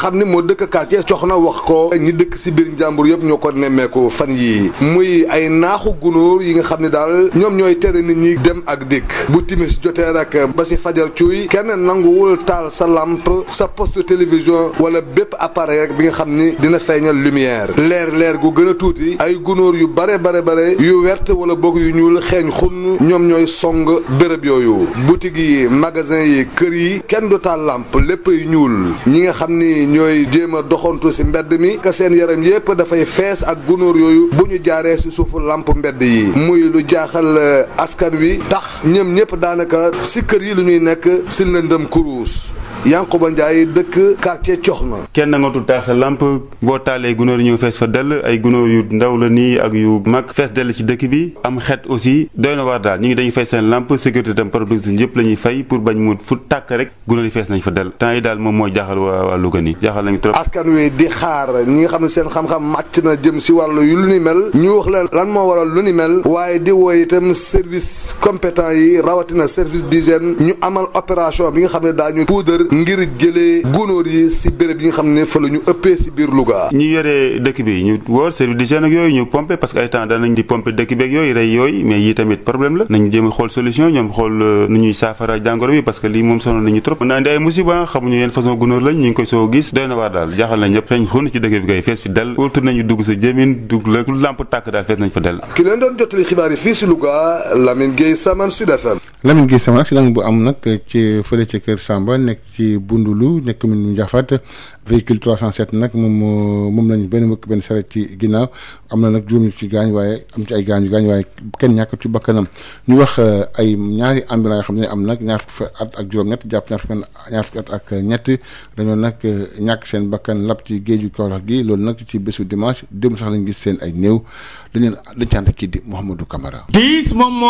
xam ne moo dëkk quartier cox na wax ko ñi dëkk si biir njàmbur yëpp ñoo ko nemmeeku fan yi muy ay naaxu gunóor yi nga xam ne daal ñoom ñooy tere nit ñi dem ak dikk bu timis jotee rek ba si fajar cuuy kenn nanguwul taal sa lamp sa poste télévision wala bépp appareil rek bi nga xam ni dina feeñal lumière leer leer gu gën a tuuti ay gunóor yu bare bare bare yu wert wala boog yu ñuul xeeñ xunn ñoom ñooy song béréb yooyu boutique yi magasin yi kër yi kenn du taal làmp léppay ñuul ñi nga xam ni ñooy jéem a doxantu si mbedd mi ka seen yaram yépp dafay fees ak gunóor yooyu bu ñu jaaree si suufu làmp mbedd yi muy lu jaaxal eh, askan wi tax ñoom ñëpp daanaka si kër yi lu ñuy nekk si lëndëm kuruus Yankuba njaay dëkk coox Coxna. kenn nga tu taal sa làmp boo taalee gunóor yi ñëw fees fa dell ay gunóor yu ndaw la nii ak yu mag fees dell ci dëkk bi am xet aussi doy na waar daal ñu ngi dañu fay seen làmp sécurité tam producteur la ñuy fay pour bañ mu fu tàkk rek gunóor yi fees nañ fa del temps yi daal moom mooy jaaxal waa waa nii jaaxal nañu trop askan wi di xaar ñi nga xam ne seen xam-xam màcc na jëm si wàllu yu lu ni mel ñu wax leen lan moo waral lu ni mel waaye di wooy itam service compétent yi rawatina service d'hygiène ñu amal opération bi nga xam ne daañu puudar ngir jëlee gunóor yi si béréb yi nga xam ne fa ñu ëppee si biir Louga ñi yore dëkk bi ñu wóor service d'hygiène ak yooyu bi ak yooyu rey yooyu mais yi tamit problème la nañ jàngoro bi parce que lii moom sonal nañu trop mën na andi ay musiba xamuñu yeen façon gunóor lañ ñu koy soo gis doy na waar daal jaaxal nañ ñëpp feeñ xóon ci dëkk bi kay fees fi del wóortu nañu dugg sa jëmin dugg la lamp tàkk daal fees nañ fa del ki leen doon jotali xibaar yi fii si Louga Lamine Gueye Saman Sud FM Lamine Gueye sama nag si lang bu am nag ci fële ca Kër Samba nekk ci Bundulu nekk commune Ndiaffate véhicule 307 nag moom moom lañ benn mbëkk benn saret ci ginnaaw am na nag juróom ñu ci gaañ waaye am ci ay gaañu gaañ waaye kenn ñàkk ci bakkanam ñu wax eh, ay ñaari ambulance yoo xam ne am nag ñaar fukki at ak juróom-ñett jàpp ñaar fukki ñaar fukki ak ñett dañoo nag eh, ñàkk seen bakkan lap ci géeju Kaolack gi loolu nag ci bésu dimanche démb sax lañ gis seen ay néew dañu leen dañ kii di Mouhamadou Camara. diis moom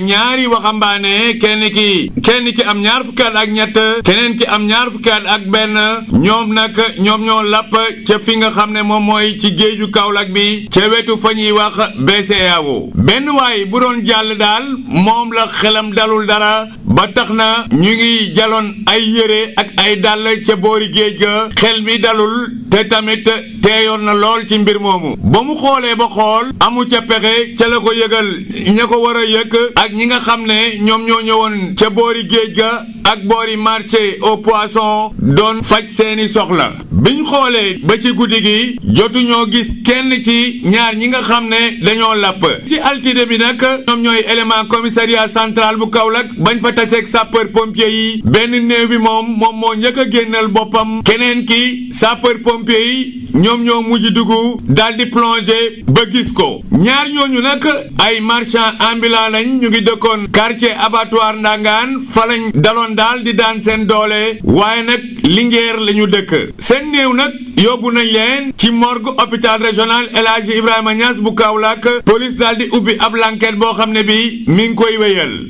ñaari waxambaane kenn ki kenn ki am ñaar fukki at ak ñett keneen ki am ñaar fukki ak benn ñoom nag ñoom ñoo lapp ca fi nga xam ne moom mooy ci géeju Kaolack bi ca wetu fa ñuy wax BCEAO benn waay bu doon jàll daal moom la xelam dalul dara ba tax na ñu ngi jaloon ay yére ak ay dàll ca boori géej ga xel bi dalul te tamit teeyoon na lool ci mbir moomu ba mu xoolee ba xool amu ca pexe ca la ko yëgal ña ko war a yëg ak ñi nga xam ne ñoom ñoo ñëwoon ca boori géej ga ak boori marché au poisson doon faj seeni soxla biñ xoolee ba ci guddi gi jotuñoo gis kenn ci ñaar ñi nga xam ne dañoo làpp ci altine bi nag ñoom ñooy élément commissariat centrale bu kaw Kaolack bañ fa taseeg sapeur pompier yi benn néew bi moom moom moo njëkk a génnal boppam keneen ki sapeur pompier yi ñoom ñoo mujj dugg daal di plongé ba gis ko ñaar ñooñu nag ay marchand ambulant lañ ñu ngi dëkkoon quartier abattoir Ndangaan falañ daloon daal di daan seen doole waaye nag Linguère la ñu dëkk seen néew nag yóbbu nañ leen ci morgue hôpital régional El Hadj Ibrahima Niass bu Kaolack police daal di ubbi ab l'enquête boo xam ne bi mi ngi koy wéyal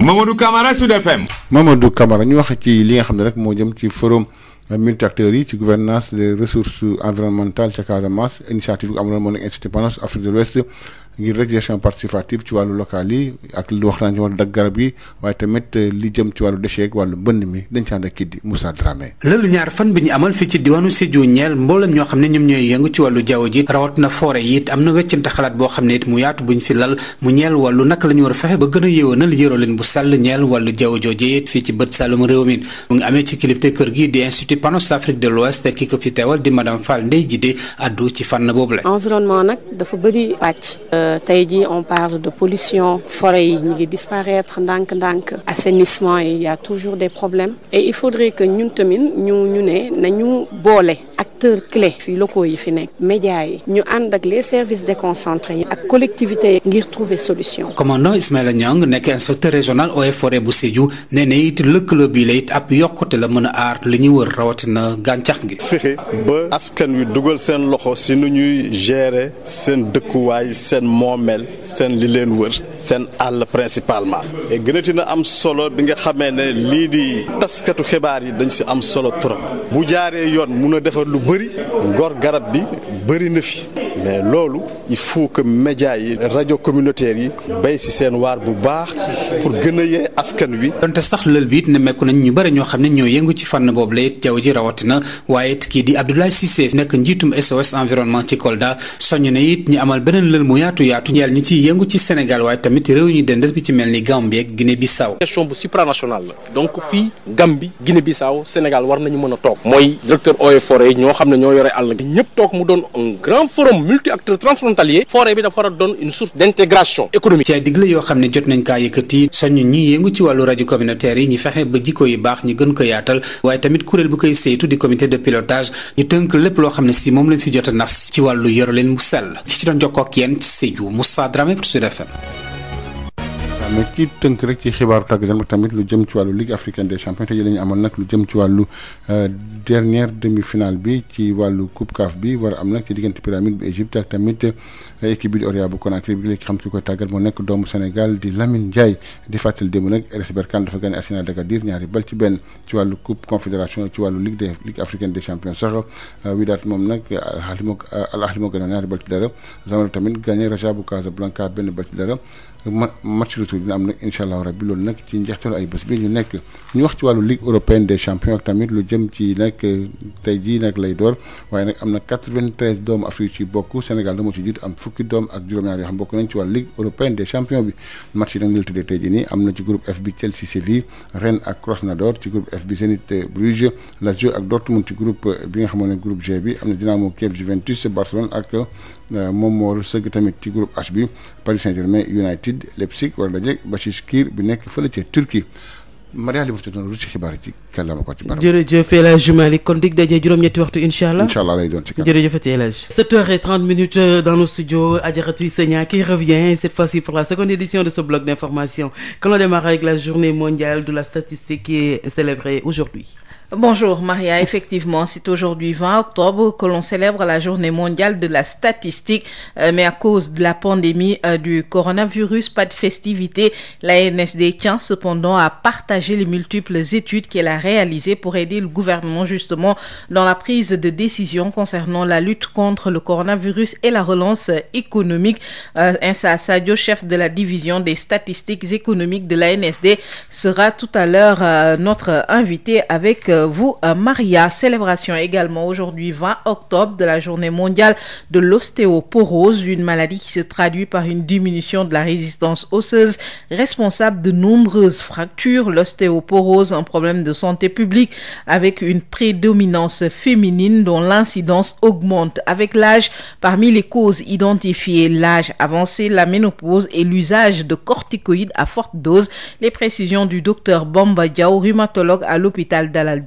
moom Mamadou Camara Sud FM. Mamadou Camara ñu wax ci li nga xam ne rek moo jëm ci forum. multi-acteurs yi ci gouvernance des ressources environnementales ca Casamance initiative bu amoon moo nekk Institut Panos de l'Ouest ngir rek gestion participative ci wàllu local yi ak lu wax naan ci wàllu dag garab yi waaye tamit euh, li jëm ci wàllu déchet wàllu mbënn mi dañ ci ànd ak kii di ñaar fan bi ñu amal fii ci diwaanu Sédhiou ñeel mboolem ñoo xam ne ñoom ñooy yëngu ci wàllu jaww ji rawat na forêt yi am na weccante xalaat boo xam ne it mu yaatu buñ fi lal mu ñeel wàllu naka la ñu war a fexe ba gën a yéwénal yërolin bu sàll ñeel wàllu jaww jooje it fii ci bët sàllum réew mi mu ngi amee ci ko fi teewal di madame Fall Ndeye Jide addu tey jii on parle de pollution forêt yi ñu ngi disparaître ndànk-ndànk assainissement yi y toujours des problèmes et il faudrait que ñun tamit ñu ñu ne nañu boole acteurs clés fi locaux yi fi nekk médias yi ñu and ak les services déconcentrés yi ak collectivités yi ngir trouver solution. commandant Ismaïla Niang nekk inspecteur régional eaux et bu Sédhiou nee na it lëkkaloo bii la it ab yokkute la mën aar li ñu wër rawatina gàncax gi. fexe ba askan wi dugal seen moomeel seen li leen wër seen àll principalement et gënati am solo bi nga xamee ne lii di taskatu xibaar yi dañ si am solo trop bu jaaree yoon mun a defar lu bëri gor garab bi bëri na fi mais loolu il faut que média yi rajo communautaire yi bay si seen waar bu baax pour gën a yee askan bi donte sax lël bi it nemmeeku nañ ñu bëri ñoo xam ne ñoo yëngu ci fànn boobu la it jaww ji rawatina waaye it kii di Abdoulaye Cissé nekk njiitum SOS environnement ci Kolda soññ na it ñu amal beneen lël mu yaatu yaatu yàlla ñu ciy yëngu ci Sénégal waaye tamit réew ñu dendal bi ci mel ni Gambie ak Guinée Bissau. question bu supranationale la donc fii Gambie Guinée Bissau Sénégal war nañu mën a toog. mooy directeur Eaux ñoo xam ne ñoo yore àll ñëpp toog mu doon grand forum multi acteur transfrontalier forêt bi dafa war a doon une source d' intégration économique. ci ay digle yoo xam ne jot nañ kaa yëkkati soññ ñi yëngu ci wàllu rajo communautaire yi ñi fexe ba jikko yi baax ñi gën ko yaatal waaye tamit kuréel bu koy saytu di comité de pilotage ñu tënk lépp loo xam ne si moom lañ fi jot a nas ci wàllu yor leen mu sell ki ci doon jokkoo ak yéen ci Sédhiou Moussa Dramé pour Sud mais kii tënk rek ci xibaaru tàggat yaram tamit lu jëm ci wàllu Ligue africaine des champions te lu jëm ci wàllu euh, dernière demi-finale bi ci wàllu coupe CAF bi war a am nag ci diggante pyramide bu Égypte ak tamit euh, équipe bi di Orea bu Conakry xam ci koy tàggat moo nekk doomu Sénégal di Lamine Ndiaye di fàttali démb nag RS ñaari bal ci benn ci wàllu coupe wàllu ligue des euh, moom nag Al Ahly moo Al Ahly moo gagné ñaari bal ci dara Zamalek tamit gagné Raja bu Casablanca benn bal ci dara ma match retour dina am nag incha allah rabbi loolu nag ci njeextalu ay bés bi ñu nekk ñu wax ci wàllu ligue européenne des champions ak tamit lu jëm ci nag euh, tey jii nag lay door waaye nag am na 93 doomu Afrique ci bokk Sénégal dama ci jiitu am fukki doom ak juróom-ñaar bokk nañ ci wàllu ligue européenne des champions bi match yi nag ñu tey jii nii am na ci groupe F bi Chelsea Séville Rennes ak Krasnodar ci groupe F Zenit euh, Bruges Lazio ak Dortmund ci groupe euh, bi nga xamoon ne groupe G bi am na Dinamo Kiev Juventus Barcelone ak moom moo sëgg tamit ci groupe H bi Paris CETID Leipzig war a daje Bachikir bi nekk fële ca ma fi doon rëcc ci kàllaama ko ci barab. jërëjëf El Hadj Malick kon dig daje waxtu incha allah incha allah lay doon ci kanam jërëjëfati El Hadj. 7h30 minutes euh, dans nos studios Adjaratou Sagna revient cette fois pour la seconde édition de ce bloc d'information que démarre avec la journée mondiale de la statistique qui est célébrée aujourd'hui Bonjour Maria, effectivement, c'est aujourd'hui 20 octobre que l'on célèbre la journée mondiale de la statistique, euh, mais à cause de la pandémie euh, du coronavirus, pas de festivité. L'ANSD tient cependant à partager les multiples études qu'elle a réalisées pour aider le gouvernement justement dans la prise de décision concernant la lutte contre le coronavirus et la relance économique. Euh, Insa Sadio, chef de la division des statistiques économiques de l'ANSD, sera tout à l'heure euh, invité avec euh, vous euh, Maria. Célébration également aujourd'hui 20 octobre de la journée mondiale de l'ostéoporose, une maladie qui se traduit par une diminution de la résistance osseuse responsable de nombreuses fractures. L'ostéoporose, un problème de santé publique avec une prédominance féminine dont l'incidence augmente avec l'âge. Parmi les causes identifiées, l'âge avancé, la ménopause et l'usage de corticoïdes à forte dose. Les précisions du docteur Bamba Diaw, rhumatologue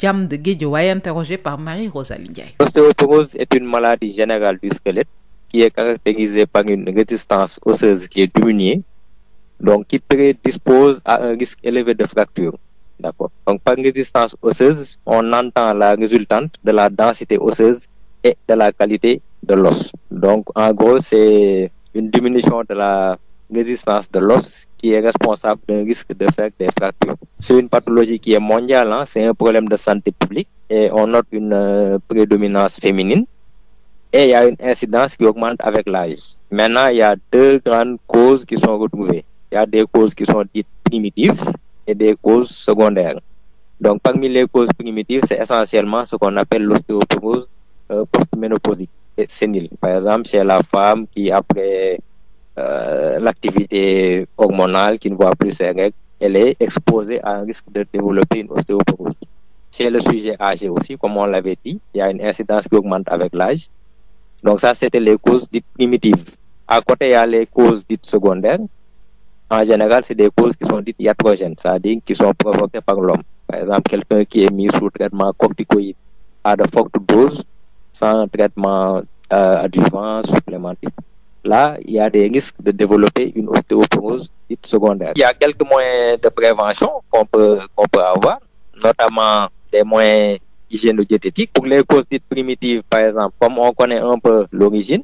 Diam de Guédiawaye interrogé par Marie-Rosalie Ndiaye. L'ostéoporose est une maladie générale du squelette qui est caractérisée par une résistance osseuse qui est diminuée donc qui prédispose à un risque élevé de fracture. D'accord. Donc par résistance osseuse, on entend la résultante de la densité osseuse et de la qualité de l'os. Donc en gros, c'est une diminution de la résistance de l'os qui est responsable d'un risque de faire des fractures. C'est une pathologie qui est mondiale, c'est un problème de santé publique et on note une euh, prédominance féminine et il y a une incidence qui augmente avec l'âge. Maintenant, il y a deux grandes causes qui sont retrouvées. Il y a des causes qui sont dites primitives et des causes secondaires. Donc, parmi les causes primitives, c'est essentiellement ce qu'on appelle l'ostéoporose euh, Par exemple, chez la femme euh, l'activité hormonale qui ne voit plus ses règles, elle est exposée à un risque de développer une ostéoporose. Chez le sujet âgé aussi, comme on l'avait dit, il y a une incidence qui augmente avec l'âge. Donc ça, c'était les causes dites primitives. À côté, il y a les causes dites secondaires. En général, c'est des causes qui sont dites iatrogènes, c'est-à-dire qui sont provoquées par l'homme. Par exemple, quelqu'un qui est mis sous traitement corticoïde à là, il y a des risques de développer une ostéoporose dite secondaire. Il y a quelques moyens de prévention qu'on peut, avoir, notamment des moyens hygiéno Pour les causes par exemple, comme on connaît un peu l'origine,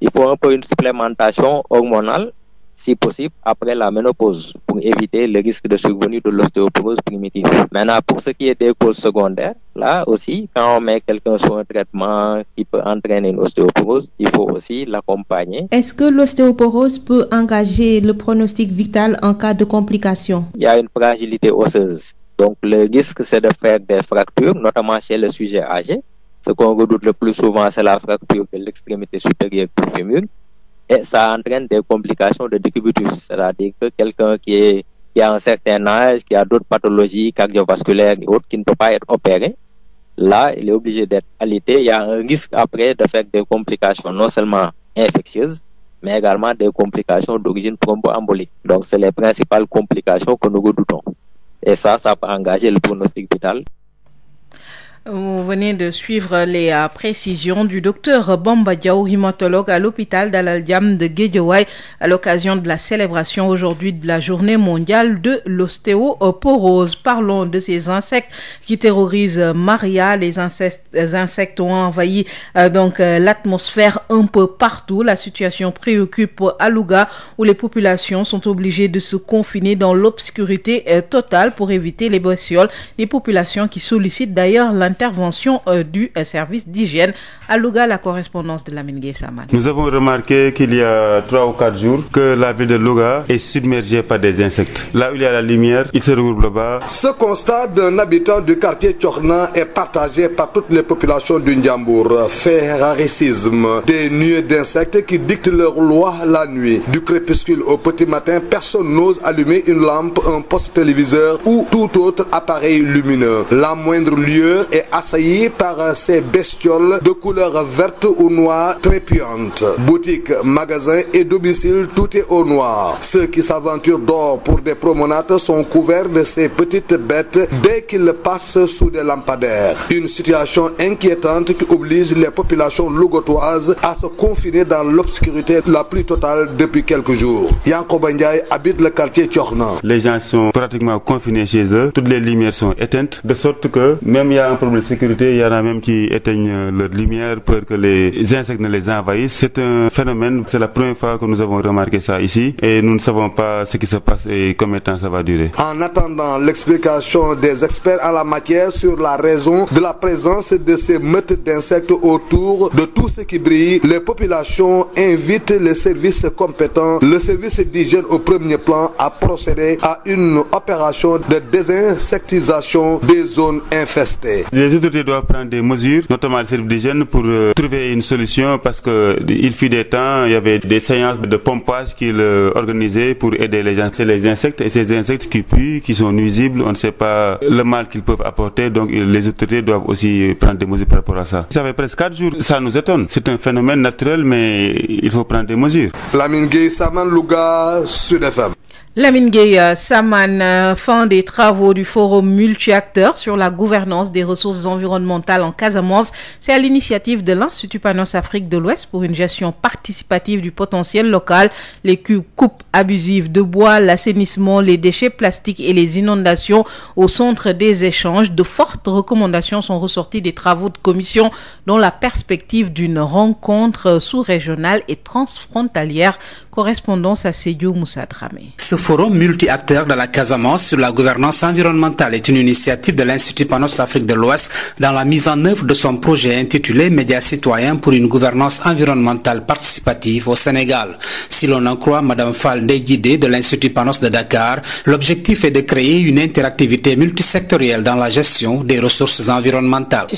il faut un peu une supplémentation hormonale si possible, après la ménopause, pour éviter le risque de survenue de l'ostéoporose primitive. Maintenant, pour ce qui est des causes secondaires, là aussi, quand on met quelqu'un sur un traitement qui peut entraîner une ostéoporose, il faut aussi l'accompagner. Est-ce que l'ostéoporose peut engager le pronostic vital en cas de complications? Il y a une fragilité osseuse. Donc, le risque, c'est de faire des fractures, notamment chez le sujet âgé. Ce qu'on redoute le plus souvent, c'est la fracture et ça entraîne des complications de décubitus, c'est-à-dire que quelqu'un qui est qui a un certain âge, qui a d'autres pathologies cardiovasculaires et autres, qui ne peut pas être opéré, là, il est obligé d'être alité. Il y a un risque après de faire des complications, non seulement infectieuses, mais également des complications d'origine thromboembolique. Donc, c'est les principales complications que nous redoutons. Et ça, ça engager le pronostic vital. Vous venez de suivre les uh, précisions du docteur Bamba Diaw, rhumatologue à l'hôpital Dalal Diam de Guédiawaye à l'occasion de la célébration aujourd'hui de la journée mondiale de l'ostéoporose. Parlons de ces insectes qui terrorisent euh, Maria. Les insectes, les insectes ont envahi euh, donc euh, l'atmosphère un peu partout. La situation préoccupe à Louga où les populations sont obligées de se confiner dans l'obscurité euh, totale pour éviter les bestioles. Des populations qui sollicitent d'ailleurs intervention euh, du euh, service d'hygiène. À Louga, la correspondance de Lamine Gueye Saman. Nous avons remarqué qu'il y a trois ou quatre jours que la ville de Louga est submergée par des insectes. Là il y a la lumière, ils se regroupent là-bas. Ce constat d'un habitant du quartier Tchorna est partagé par toutes les populations du Ndiambour. Fait des nuées d'insectes qui dictent leur loi la nuit. Du crépuscule au petit matin, personne n'ose allumer une lampe, un poste téléviseur ou assaillie par ces bestioles de couleur verte ou noire trépiante. Boutiques, magasins et domiciles, tout est au noir. Ceux qui s'aventurent dehors pour des promenades sont couverts de ces petites bêtes dès qu'ils passent sous des lampadaires. Une situation inquiétante qui oblige les populations lougotoises à se confiner dans l'obscurité la plus totale depuis quelques jours. Yankoba Ndiaye habite le quartier Tchorna. Les gens sont pratiquement confinés chez eux, toutes les lumières sont éteintes, de sorte que problème de sécurité, il y en a même qui éteignent leur lumière, peur que les insectes ne les envahissent. C'est un phénomène, c'est la première fois que nous avons remarqué ça ici et nous ne savons pas ce qui se passe et combien de temps va durer. En attendant l'explication des experts en la matière sur la raison de la présence de ces meutes d'insectes autour de tout les populations invitent les services compétents, le service d'hygiène au premier plan, à procéder à une opération de désinsectisation des zones infestées. les autorités doivent prendre des mesures, notamment les services d'hygiène, pour euh, trouver une solution parce que il fut des temps, il y avait des séances de pompage qu'ils euh, organisaient pour aider les gens. C'est les insectes et ces insectes qui puent, qui sont nuisibles, on ne sait pas le mal qu'ils peuvent apporter, donc les autorités doivent aussi prendre des mesures par rapport à ça. Ça fait presque quatre jours, ça nous étonne. C'est un phénomène naturel, mais il faut prendre des mesures. Lamine Gueye, Saman Louga, Sud Lamine Gueye euh, Samane euh, fin des travaux du forum multi-acteurs sur la gouvernance des ressources environnementales en Casamance c'est à l'initiative de l'Institut Panafrique de l'Ouest pour une gestion participative du potentiel local les coupes abusives de bois l'assainissement les déchets plastiques et les inondations au centre des échanges de fortes recommandations sont ressorties des travaux de commission dans la perspective d'une rencontre sous-régionale et transfrontalière correspondance à Sédiou Moussa forum multi-acteurs de la Casamance sur la gouvernance environnementale est une initiative de l'Institut Panos Afrique de l'Ouest dans la mise en œuvre de son projet intitulé Médias citoyens pour une gouvernance environnementale participative au Sénégal. Si l'on en croit Madame Fall de l'Institut Panos de Dakar, l'objectif est de créer une interactivité multisectorielle dans la gestion des ressources environnementales. des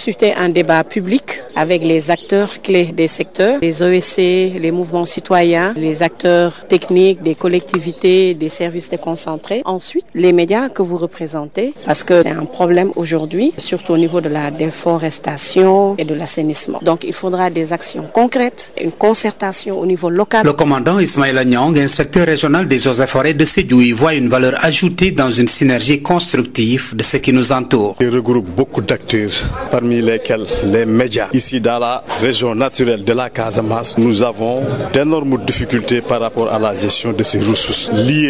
secteurs, des collectivités, services déconcentrés. Ensuite, les médias que vous représentez, parce que c'est un problème aujourd'hui, surtout au niveau de la déforestation et de l'assainissement. Donc, il faudra des actions concrètes, une concertation au niveau local. Le commandant Ismaïla Niang, inspecteur régional des eaux et forêts de Sédhiou, y voit une valeur ajoutée dans une synergie constructive de ce qui nous entoure. Il regroupe beaucoup d'acteurs, parmi lesquels les médias. Ici, dans la région naturelle de la Casamance, nous avons d'énormes difficultés par rapport à la gestion de ces ressources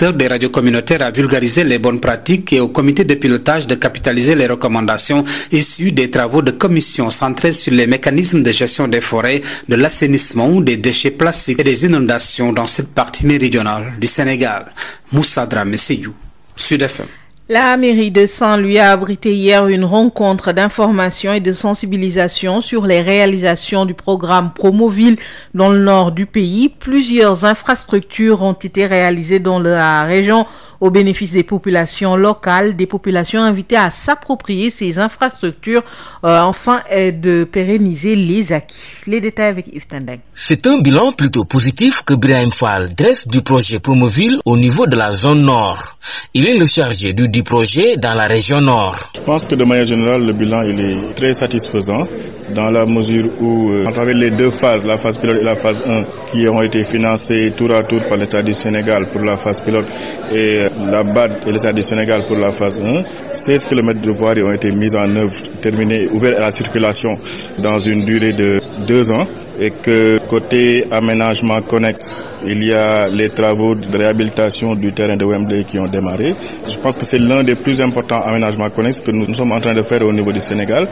acteurs des radios communautaires à vulgariser les bonnes pratiques et au comité de pilotage de capitaliser les recommandations issues des travaux de commission centrés sur les mécanismes de gestion des forêts, de l'assainissement, des déchets plastiques et des inondations dans cette partie méridionale du Sénégal. Moussa Dramé Seyou, Sud FM. La mairie de Saint-Louis a abrité hier une rencontre d'information et de sensibilisation sur les réalisations du programme Promoville dans le nord du pays. Plusieurs infrastructures ont été réalisées dans la région. au bénéfice des populations locales, des populations invitées à s'approprier ces infrastructures euh, enfin et de pérenniser les acquis. Les détails avec Yves Tendeng. C'est un bilan plutôt positif que Brahim Fall dresse du projet Promoville au niveau de la zone nord. Il est le chargé du, projet dans la région nord. Je pense que de manière générale, le bilan il est très satisfaisant dans la mesure où, euh, à travers les deux phases, la phase pilote et la phase 1, qui ont été financées tour à tour par l'État du Sénégal pour la phase pilote euh, la BAD et l'État du Sénégal pour la phase 1. 16 km de voiries ont été mises en œuvre, terminées, ouvertes à la circulation dans une durée de deux ans et que côté aménagement connexe, il y a les travaux de réhabilitation du terrain de Wembley qui ont démarré. Je pense que c'est l'un des plus importants aménagements connexes que nous, nous sommes en train de faire au niveau du Sénégal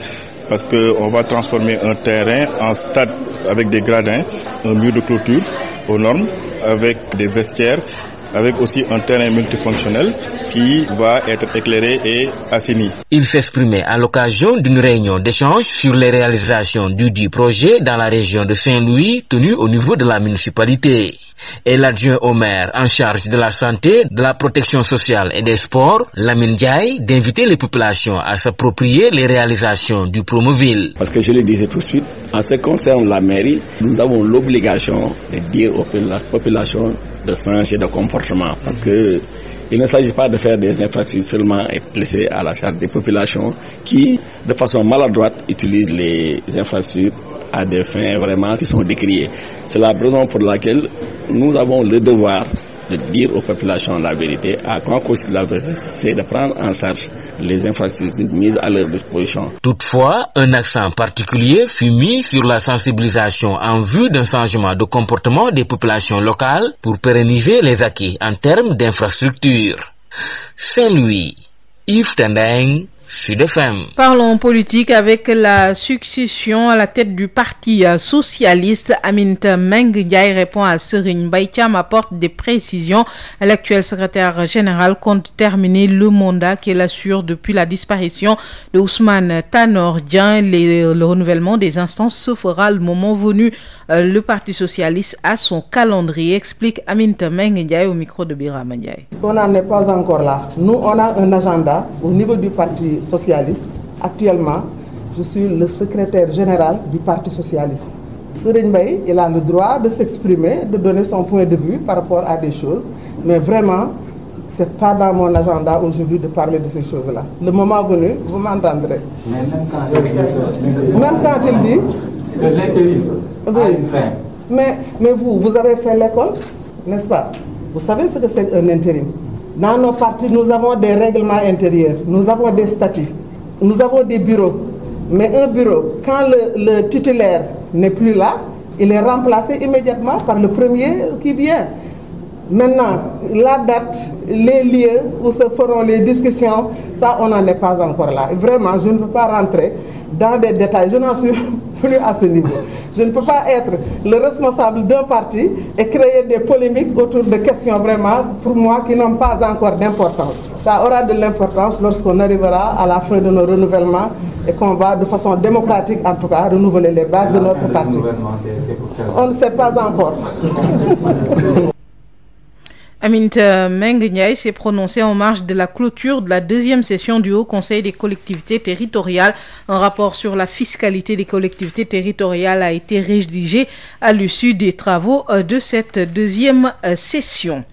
parce qu'on va transformer un terrain en stade avec des gradins, un mur de clôture aux normes avec des avec aussi un terrain multifonctionnel qui va être éclairé et assini. Il s'exprimait à l'occasion d'une réunion d'échange sur les réalisations du projet dans la région de Saint-Louis tenue au niveau de la municipalité. Et l'adjoint au maire en charge de la santé, de la protection sociale et des sports, Lamine Diaye, d'inviter les populations à s'approprier les réalisations du Promoville. Parce que je le disais tout de suite, en ce qui concerne la mairie, nous population de changer de comportement parce que il ne s'agit pas de faire des infractions seulement et laisser à la charge des populations qui, de façon maladroite, utilisent les infrastructures à des fins vraiment qui sont décriées. C'est la raison pour laquelle nous avons le devoir de dire aux populations la vérité, à quoi consiste c'est de prendre en charge les infrastructures mises à leur disposition. Toutefois, un accent particulier fut mis sur la sensibilisation en vue d'un changement de comportement des populations locales pour pérenniser les acquis en termes d'infrastructures. Saint-Louis, Yves Tendeng, Sud FM. Parlons politique avec la succession à la tête du parti socialiste. Aminata Mbengue Ndiaye répond à Serigne Mbaye Thiam, apporte des précisions. L'actuel secrétaire général compte terminer le mandat qu'il assure depuis la disparition de Ousmane Tanor Dieng. Le renouvellement des instances se fera le moment venu. Euh, le Parti socialiste a son calendrier, explique Aminata Mbengue Ndiaye au micro de Birama Ndiaye. On n'en est pas encore là. Nous, on a un agenda au niveau du Parti socialiste. Actuellement, je suis le secrétaire général du Parti socialiste. Serigne Mbaye, il a le droit de s'exprimer, de donner son point de vue par rapport à des choses, mais vraiment c'est pas dans mon agenda aujourd'hui de parler de ces choses-là. Le moment venu, vous m'entendrez. Même quand il dit que l'intérim Mais, mais vous, vous avez fait l'école, n'est-ce pas? Vous savez ce que c'est un intérim. Dans nos partis, nous avons des règlements intérieurs, nous avons des statuts, nous avons des bureaux. Mais un bureau, quand le, le titulaire n'est plus là, il est remplacé immédiatement par le premier qui vient. Maintenant, la date, les lieux où se feront les discussions, sa on n'en est pas encore là. Vraiment, je ne peux pas rentrer dans des détails. Je n'en suis plus à ce niveau. Je ne peux pas être le responsable d'un parti et créer des polémiques autour de questions vraiment, pour moi, qui n'ont pas encore d'importance. Ça aura de l'importance lorsqu'on arrivera à la fin de nos renouvellements et qu'on va, de façon démocratique en tout cas, renouveler les bases de ah, notre parti. On ne sait Aminata Mbengue Ndiaye s'est prononcée en marge de la clôture de la deuxième session du Haut Conseil des collectivités territoriales. Un rapport sur la fiscalité des collectivités territoriales a été rédigé à l'issue des travaux euh, de cette deuxième euh, session.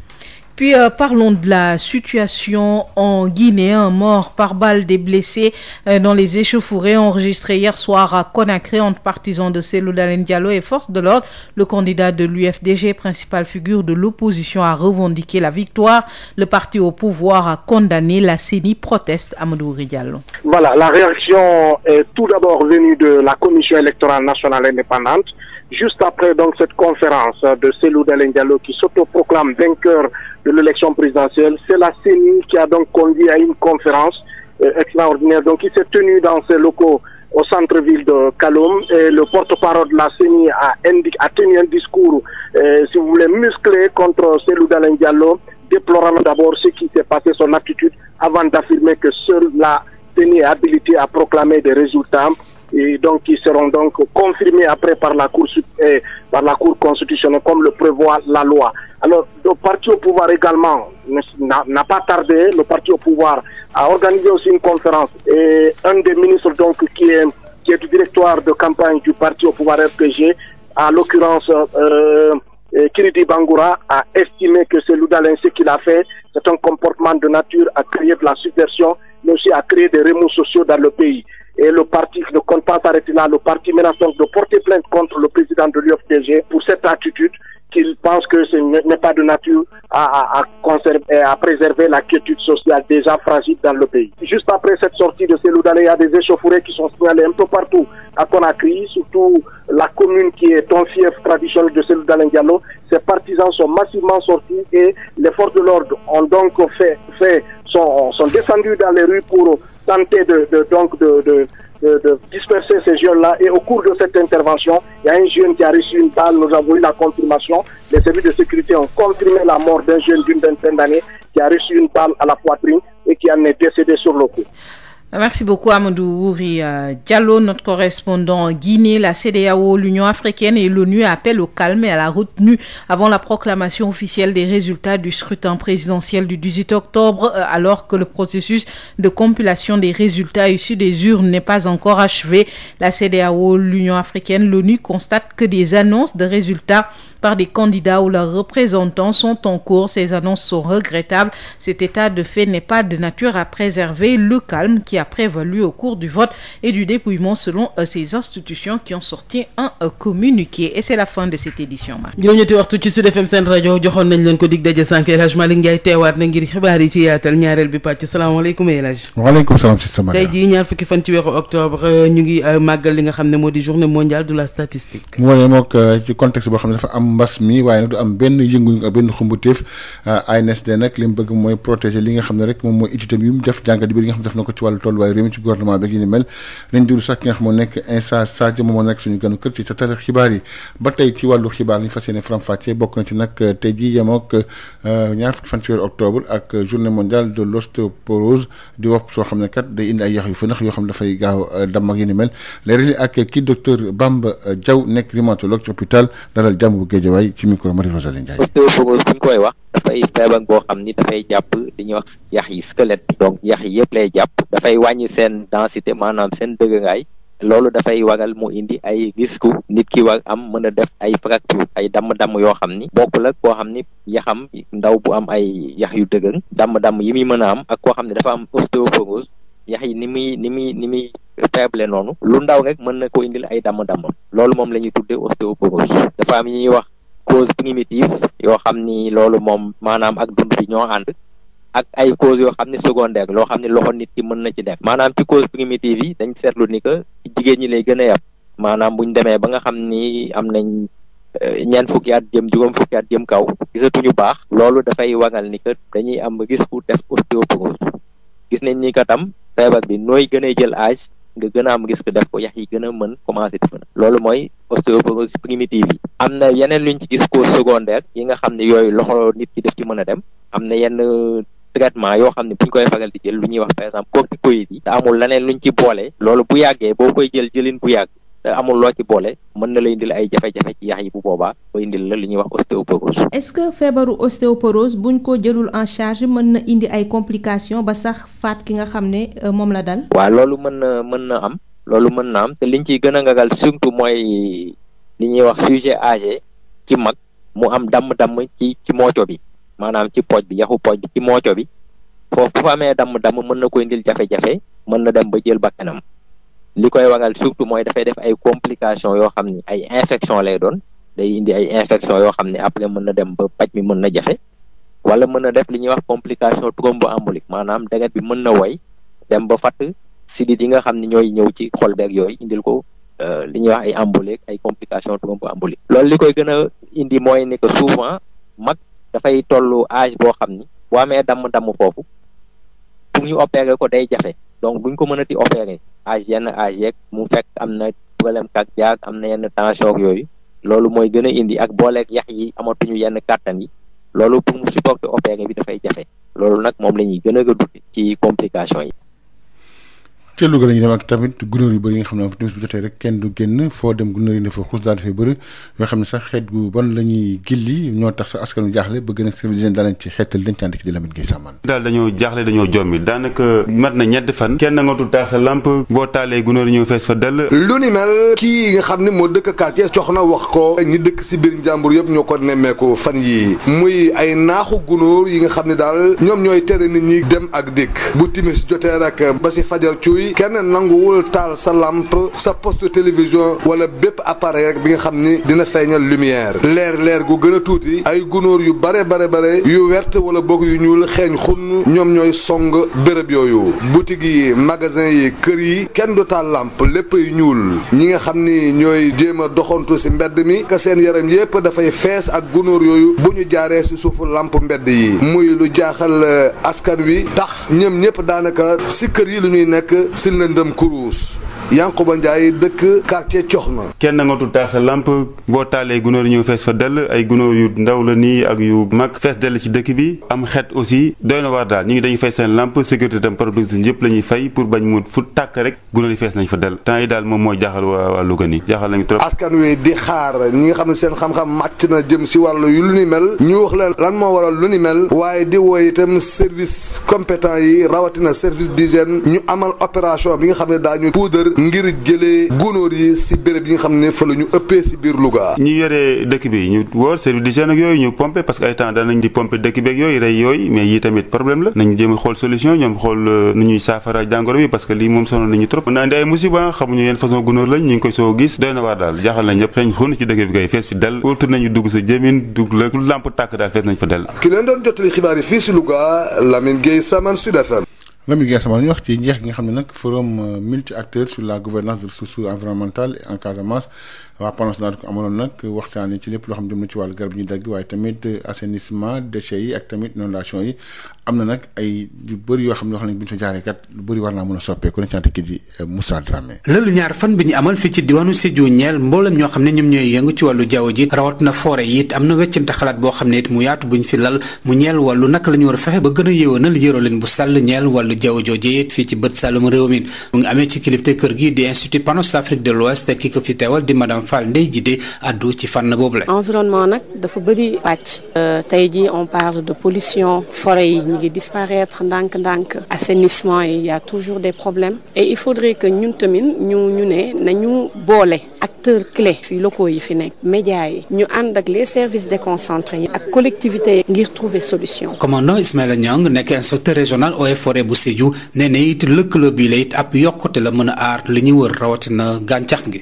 Puis euh, parlons de la situation en Guinée. Un mort par balle des blessés euh, dans les échauffourées enregistrées hier soir à Conakry entre partisans de Cellou Dalein Diallo et forces de l'ordre. Le candidat de l'UFDG, principale figure de l'opposition, a revendiqué la victoire. Le parti au pouvoir a condamné. La CENI proteste Amadou Diallo. Voilà, la réaction tout d'abord venue la Commission électorale nationale indépendante. Juste après donc cette conférence de Cellou qui s'autoproclame vainqueur de l'élection présidentielle. C'est la CENI qui a donc conduit à une conférence euh, extraordinaire donc qui s'est tenue dans ses locaux au centre-ville de Calom et le porte-parole de la CENI a, indiqué, a tenu un discours, euh, si vous voulez, musclé contre Selou Dalen Diallo, déplorant d'abord ce qui s'est passé, son attitude, avant d'affirmer que seule la CENI est habilitée à proclamer des résultats et donc qui seront donc confirmés après par la Cour, eh, par la constitutionnelle comme le prévoit la loi. Alors, le parti au pouvoir également n'a pas tardé, le parti au pouvoir a organisé aussi une conférence et un des ministres donc qui est, du directoire de campagne du parti au pouvoir RPG, à l'occurrence euh, euh, Kiridi Bangoura a estimé que ce l'oudalensé c'est un comportement de nature à créer de la subversion, mais aussi à créer des remous sociaux dans le pays. Et le parti ne compte pas s'arrêter là. Le parti menace donc de porter plainte contre le président de l'UFDG pour cette attitude qu'il pense que ce n'est pas de nature à, à, à, conserver, préserver la quiétude sociale déjà fragile dans le pays. Juste après cette sortie de Selou il y a des échauffourées qui sont signalées un peu partout à Conakry, surtout la commune qui est un fief traditionnel de Selou Diallo. Ses partisans sont massivement sortis et les forces de l'ordre tenté de, donc de, de, de, disperser ces jeunes-là. Et au cours de cette intervention, il y a un jeune qui a reçu une balle. Nous avons la confirmation. Les services de sécurité ont confirmé la mort d'un jeune d'une vingtaine d'années qui a reçu une balle à la poitrine et qui en est décédé sur le coup. Merci beaucoup Amadou Wouri euh, Diallo, notre correspondant en Guinée, la CEDEAO, l'Union africaine et l'ONU appellent au calme et à la retenue avant la proclamation officielle des résultats du scrutin présidentiel du 18 octobre, euh, alors que le processus de compilation des résultats issus des urnes n'est pas encore achevé. La CEDEAO, l'Union africaine, l'ONU constatent que des annonces de résultats par des candidats ou leurs représentants sont en cours. Ces annonces sont regrettables. Cet état de fait n'est pas de nature à préserver le calme qui a prévalu au cours du vote et du dépouillement selon euh, ces institutions qui ont sorti un euh, communiqué. Et c'est la fin de cette édition. juróom-ñetti waxtu ci Sud FM seen rajo joxoon nañ leen ko dig daje sànq El Hadj Malick Ndiaye teewaat na ngir xibaar yi ci yaatal ñaareel bi pàcc salaamaaleykum El Hadj. waaleykum salaam si sama tey jii ñaar fukki fan ci weeru octobre euh, ñu ngi màggal li nga xam ne moo di journée mondiale de la statistique. moo ne mook ci contexte boo xam ne dafa am. mbas mi waaye nag du am benn yëngu-yëngu ak benn xumbuteef ANSD ah, bëgg mooy protéger li nga xam ne rek moom mooy étude bi mu def jàngat bi li nga xam ne def na ko ci wàllu tolluwaay réew mi ci gouvernement bi ak yi ni mel nañ déglu sax ki nga ah, ñaar fukki fan octobre ak journée mondiale de l'ostéoporose di wax soo xam ne kat day indi ay yax yu fënax yoo xam ne dafay gaaw ah, damm ak yi ni mel léeg-léeg ak kii docteur Bamba Diaw nekk rhumatologue ci hôpital dalal jàmm bu Guédiawaye ci micro Marie Rosalie Ndiaye. ostéoporose bu ñu koy wax dafay feebar boo xam ni dafay jàpp li ñuy wax yax yi squelette bi donc yax yi yëpp lay jàpp dafay wàññi seen densité maanaam seen dëgëraay loolu dafay waral mu indi ay risque nit ki war am mën a def ay fracture ay damm-damm yoo xam ni bokkul ak koo xam ni yaxam ndaw bu am ay yax yu dëgër damm-damm yi muy mën a am ak koo xam ne dafa am ostéoporose yax yi ni muy ni muy ni muy faible noonu lu ndaw rek mën na ko indil ay damm-damm loolu moom la ñuy tuddee ostéoporose dafa am ñuy wax cause primitive yoo xam ni loolu moom maanaam ak dund bi ñoo ànd ak ay cause yoo xam ne secondaire loo xam ne loxo nit ki mën na ci nekk maanaam ci cause primitive yi dañ seetlu ni que jigéen ñi lay gën a yàpp maanaam bu ñu demee ba nga xam ni am nañ eh, ñeent fukki at jëm juróom fukki at jëm kaw ñu baax loolu dafay waral ni que dañuy am risque def ostéoporose gis nañ ni que feebar bi nooy gën a jël âge nga gën a am risque def ko yax yi gën a mën commencé def na loolu mooy ostéoporose primitive yi am na yeneen ñu ci gis cause secondaire yi nga xam ne yooyu loxo nit ki def ci mën a dem am na yenn traitement yoo xam ne bu ñu koy faral di jël lu ñuy wax par exemple corticoïdes yi te amul leneen ñu ci boole loolu bu yàggee boo koy jël jëlin bu yàgg amul loo ci boole mën na la indil ay jafe-jafe ci yax yi bu boobaa ba indil la li ñuy wax ostéoporose. est-ce que feebaru ostéoporose buñ ko jëlul en charge mën na indi ay complication ba sax faat ki nga xam ne euh, moom la dal. waa loolu mën na mën na am. loolu mën na am te liñ ciy gën a ngagal surtout mooy li ñuy wax sujet ag ci mag mu am damm-damm ci ci mooco bi maanaam ci pooj bi yaxu pooj bi ci mooco bi foofu amee damm-damm mën na koy indil jafe-jafe mën na dem ba jël bakkanam li koy waral surtout mooy dafay def ay complication yoo xam ni ay infection lay doon day indi ay infection yoo xam ne après mën na dem ba paj mi mën na jafe wala mën na def li ñuy wax complication thromboembolique maanaam deret bi mën na woy dem ba fatt sidit yi nga xam ni ñooy ñëw ci xol beeg yooyu indil ko euh, li ñuy wax ay embolique ay complication thromboembolique loolu li koy gën a indi mooy ni que souvent mag dafay toll âge boo xam ni boo amee damm-damm foofu pour ñu opérer ko day jafe donc duñ ko mënati opérer âge yenn âge yeeg mu fekk am na problème cardiaque am na yenn tension yooyu loolu mooy gën a indi ak booleeg yax yi amatuñu yenn kàttan yi loolu pour mu supporter opéré bi dafay jafe loolu nag moom la ñuy gën a dund ci complication yi ca Louga la ñuy dem ak tamit gunóor yu bëri yi nga xam ne timis bu jotee rek kenn du génn foo dem gunóor yi dafa xuus daal dafay bëri yoo xam ne sax ñoo tax sax askan wi jaaxle bëgg nag service d'hygiène daal lañ ci xeetal dañ caan dikk di Lamine Gueye Samane daal dañoo na ñetti fan kenn nga du taal sa boo taalee gunóor yi ñëw fees dell lu ni mel xam ne moo dëkk quartier cox na wax ko ñi dëkk si biir njàmbur yëpp ñoo ko nemmeeku fan muy ay naaxu gunóor yi nga xam ne daal ñoom ñooy tere nit ñi dem ak dékk bu timis jotee rek ba si fajar cuy bi kenn nanguwul taal sa lampe sa post télévision wala bépp appareil rek bi nga xam ni dina feeñal lumière leer leer gu gën a tuuti ay gunóor yu bare bare bare yu wert wala boog yu ñuul xeeñ xunn ñoom ñooy song béréb yooyu boutique yi magasin yi kër yi kenn du taal làmp lépp ñuul ñi nga xam ni ñooy jéem a doxantu ci mbedd mi ka seen yaram yépp dafay fees ak gunóor yooyu bu ñu jaaree si suufu làmp mbedd yi muy lu jaaxal eh, askan wi tax ñoom ñëpp daanaka ci kër si lëndëm kuruus Yankuba Ndiaye dëkk quartier Coxna. kenn nga tu taal sa lamp boo taalee gunóor yi ñëw fees fa dell ay gunóor yu ndaw la nii ak yu mag fees dell ci dëkk bi am xet aussi doy na waar daal ñu ngi dañuy fay seen lamp sécurité tam producteur yëpp la ñuy fay pour bañ mu fu tàkk rek gunóor yi fees nañ fa dell temps yi daal moom mooy jaaxal waa waa Louga nii jaaxal nañu trop. askan wi di xaar ñi nga xam ne seen xam-xam màcc na jëm si wàllu yu lu ni mel ñu wax leen lan moo waral lu ni mel waaye di wooy itam service compétent yi rawatina service d'hygiène ñu amal opération bi nga xam ne daañu poudre ngir jëlee gunóor yi si béréb yi nga xam ne fa la ñu ëppee si biir Louga. ñi yore dëkk bi ñu wóor service d'hygiène ak yooyu ñu pompe parce que ay temps danañ di pompe bi ak yooyu a xool solution ñoom xool euh, nu ñuy saafara jàngoro bi parce que lii moom sonal nañu trop mën na ay musiba xamuñu yeen façon gunóor lañ ñu ngi koy soo gis doy na waar daal jaaxal nañ ñëpp xëy xonu ci dëkk bi kay fees fi dal ultur nañu dugg sa jëmin dugg la lamp tàkk daal fees nañ fa dal ki leen Mamy Gueye Samara ñu wax ci njeex gi nga xam ne nag forum euh, multi acteurs sur la gouvernance des ressources environnementales en Casamance waa PANOS waxtaan yi ci lépp loo xam jëm na ci wàllu garab yi ñu tamit assainissement déchets yi am na nag ay xam ne yoo xam ne bu ñu so a soppeeku ne cant ki eh, ñaar fan bi ñu amal fii ci diwaanu Sédhiou ñeel mboolem ñoo xam ne ñoom ñooy yëngu ci wàllu jaww ji rawat na forêt yi it am na weccante xalaat boo xam ne it mu yaatu buñ fi lal mu ñeel wàllu naka la ñu war a fexe ba gën a yéwénal yërolin bu sàll ñeel wàllu jaww jooje it fii ci bët sàllum réew mi mu ngi amee ci kilifte kër gi di institut PANOS Afrique de l'Ouest ki ko fi teewal di madame Fall Ndeye Djidé addu ci fànn boobu la. environnement nag dafa bëri pàcc. Euh, tey jii on parle de polition forêt yi ñu ngi disparaître ndànk-ndànk assainissement yi y a toujours des problèmes et il faudrait que ñun tamit ñu ñu ne nañu boole acteurs clés fi locaux yi fi nekk médias yi ñu ànd ak service services déconcentrés yi ak collectivité ngir trouver solution. commandant Ismaïla Niang nekk inspecteur régional eaux et forêt bu Sédhiou nee na it lëkkaloo bii it ab yokkute la mën a aar li ñu wër rawatina gàncax gi.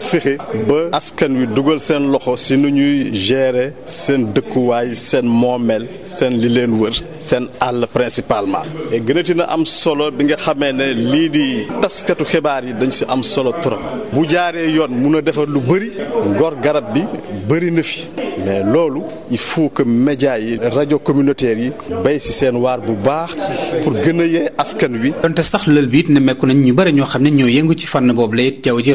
askan wi dugal seen loxo si nu ñuy gérer seen dëkkuwaay seen moomeel seen li leen wër seen àll principalement. et gënati am solo bi nga xamee ne lii di taskatu xibaar yi dañ si am solo trop bu jaaree yoon mun a defar lu bëri ngor garab bi bëri na fi. mais euh, loolu il faut que média yi rajo communautaire yi bay si seen waar bu baax pour gën a yee askan bi donte sax lël bi it nemmeeku nañ ñu bëri ñoo xam ne ñoo yëngu ci fànn boobu la it jaww ji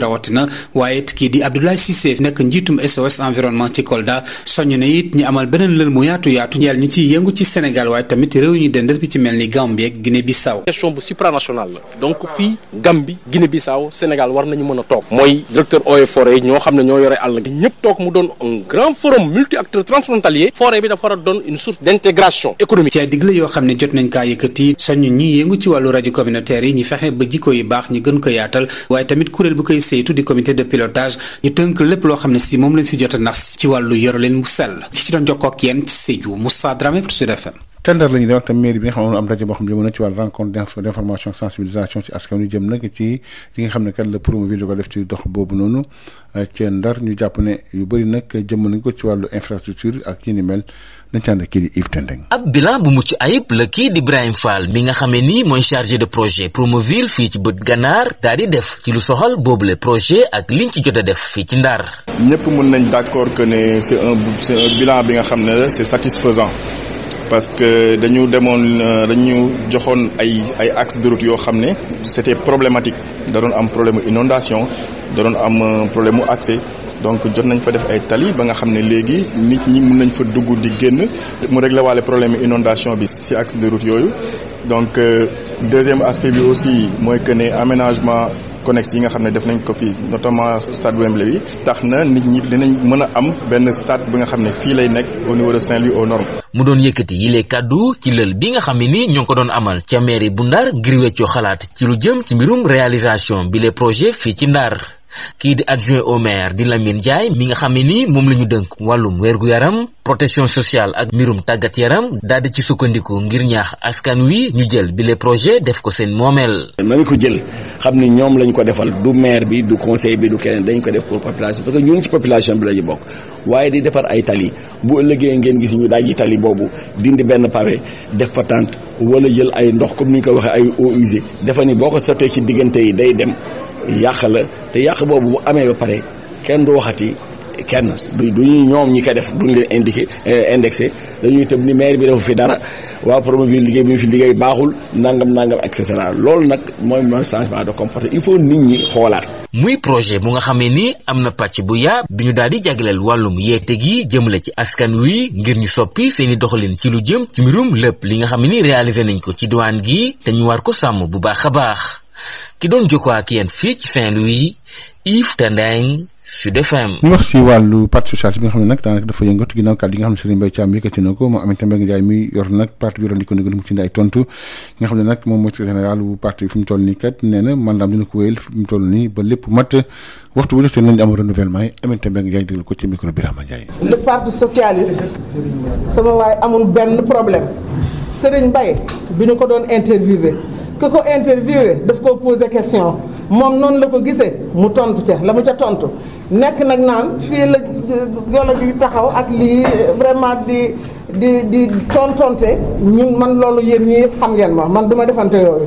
waaye it kii di Abdoulaye Cissé njiitum SOS environnement ci Kolda soññ na it ñu amal beneen lël mu yaatu yaatu ñeel ñi ci yëngu ci Sénégal waaye tamit réew ñu dendal bi ci mel ni Gambie ak Guinée Bissau. question bu supranationale la donc fii Gambie Guinée Bissau Sénégal war nañu mën a toog. mooy directeur Eaux ñoo xam ne ñoo yore àll gi ñëpp toog mu doon grand forum multi-acteurs transfrontalier forêt bi dafa war a doon une source d'intégration économique. ci ay digle yoo xam ne jot nañ kaa yëkkati soññ ñi yëngu ci wàllu rajo communautaire yi ñu fexe ba jikko yi baax ñu gën ko yaatal waaye tamit kuréel bu koy saytu di comité de pilotage ñu tënk lépp loo xam ne si moom lañ fi jot a nas ci wàllu yor leen mu sell ki ci doon jokkoo ak yéen ci Sédhiou Moussa Dramé pour Sud te Ndar la ñu dem ak tam mairie bi nga xam ne am daje boo xam ne na ci wàllu rencontre d'information sensibilisation ci askan wi jëm nag ci nga xam ne kat la Promovilles di def ci dox boobu noonu euh, ci Ndar ñu jàpp ne yu bëri nag jëmm nañ ko ci wàllu infrastructure ak yi ni mel nañ ci ànd ak kii di Yves Tendeng ab bilan bu mucc ayib la kii di Ibrahima Fall mi nga xamee ni mooy chargé de projet Promovilles fii ci bët gannaar daal di def ci lu soxal boobule projet ak liñ ci jot a def fii ci Ndar. ñëpp mën nañ d'accord que ne c'est un c'est bi nga xam ne c'est parce que dañu demoon euh, dañu joxoon ay ay axes de route yoo xam ne c'était problématique da doon am problème inondation da doon am euh, problème mu accès donc jot nañ fa def ay tali ba nga xam ne léegi nit ñi mun nañ fa dugg di génn mu régler waale problème inondation bi ci axe de route yooyu donc euh, deuxième aspect bi aussi mooy que ne aménagement connexes yi nga xam ne def nañ ko fii notamment stade Wembley bi tax na nit ñi dinañ mën a am benn stade bi nga xam ne fii lay nekk au niveau de saint o aux mu doon yëkkati yile kàddu ci lël bi nga xam ne ni ñoo ngi ko doon amal ca mairie bu Ndar ngir weccoo xalaat ci lu jëm ci mbirum réalisation bi les projets fii ci Ndar. kii di adjoint au maire di Lamine jaay mi nga xam ne nii moom la ñu dënk wàllum wér yaram protection sociale ak mbirum tàggat-yaram daal di ci sukkandiku ngir ñaax askan wi ñu jël bi projet def ko seen moomeel. nañu ko jël xam ni ñoom lañu ko defal du maire bi du conseil bi du keneen dañ ko def pour population parce que ñun ci population bi la bokk waaye di defar ay tali bu ëllëgee ngeen gis ñu daaji tali boobu dindi benn pavé def fa tànt wala jël ay ndox comme ni ko waxee ay eaux ni boo ko sottee ci diggante yi day dem. yàq la te yàq boobu bu amee ba pare kenn du waxati kenn du ñuy ñoom ñi koy def duñ leen indiqué euh, indexé dañuy tëb ni maire bi defu fi dara waa Promoville liggéey bi ñu fi liggéey baaxul nangam nangam et cetera loolu nag mooy mooy changement de comportement il faut nit ñi xoolaat. muy projet bu nga xamee ni am na pàcc bu yaa bi ñu daal di jagleel wàllum yeete gi jëmale ci askan wi ngir ñu soppi seeni doxalin ci lu jëm ci mbirum lépp li nga xam ne ni réalisé nañ ko ci diwaan gi ki doon jokkoo ak yéen fii ci Saint-Louis Yves Tendeng Sud FM. ñu wax si wàllu parti socialiste bi nga xam ne nag daanaka dafa yëngatu ginnaaw kàddu yi nga xam ne Serigne Mbaye Thiam yëkkati na ko moom Aminata Mbengue Ndiaye mi yor nag parti bi yoroon di ko nëgën mu ci ay tontu nga xam ne nag moom mooy secrétaire général bu parti bi fi mu toll nii kat nee na mandaam dina ko wéyal fi mu toll nii ba lépp mat waxtu bu jotee nañu am renouvellement yi Aminata Mbengue Ndiaye déglu ko ci micro bi Rahma Ndiaye. le parti socialiste sama waay amul benn problème Serigne Mbaye bi ñu ko doon interviewé. ku ko interviewé daf koo posé question moom noonu la ko gisee mu tontu ca la mu ca tontu nekk nag naan fii la euh, golo gi taxaw ak lii vraiment di di di tontonte ñun man loolu yéen ñii yëpp xam ngeen ma man du defante yooyu.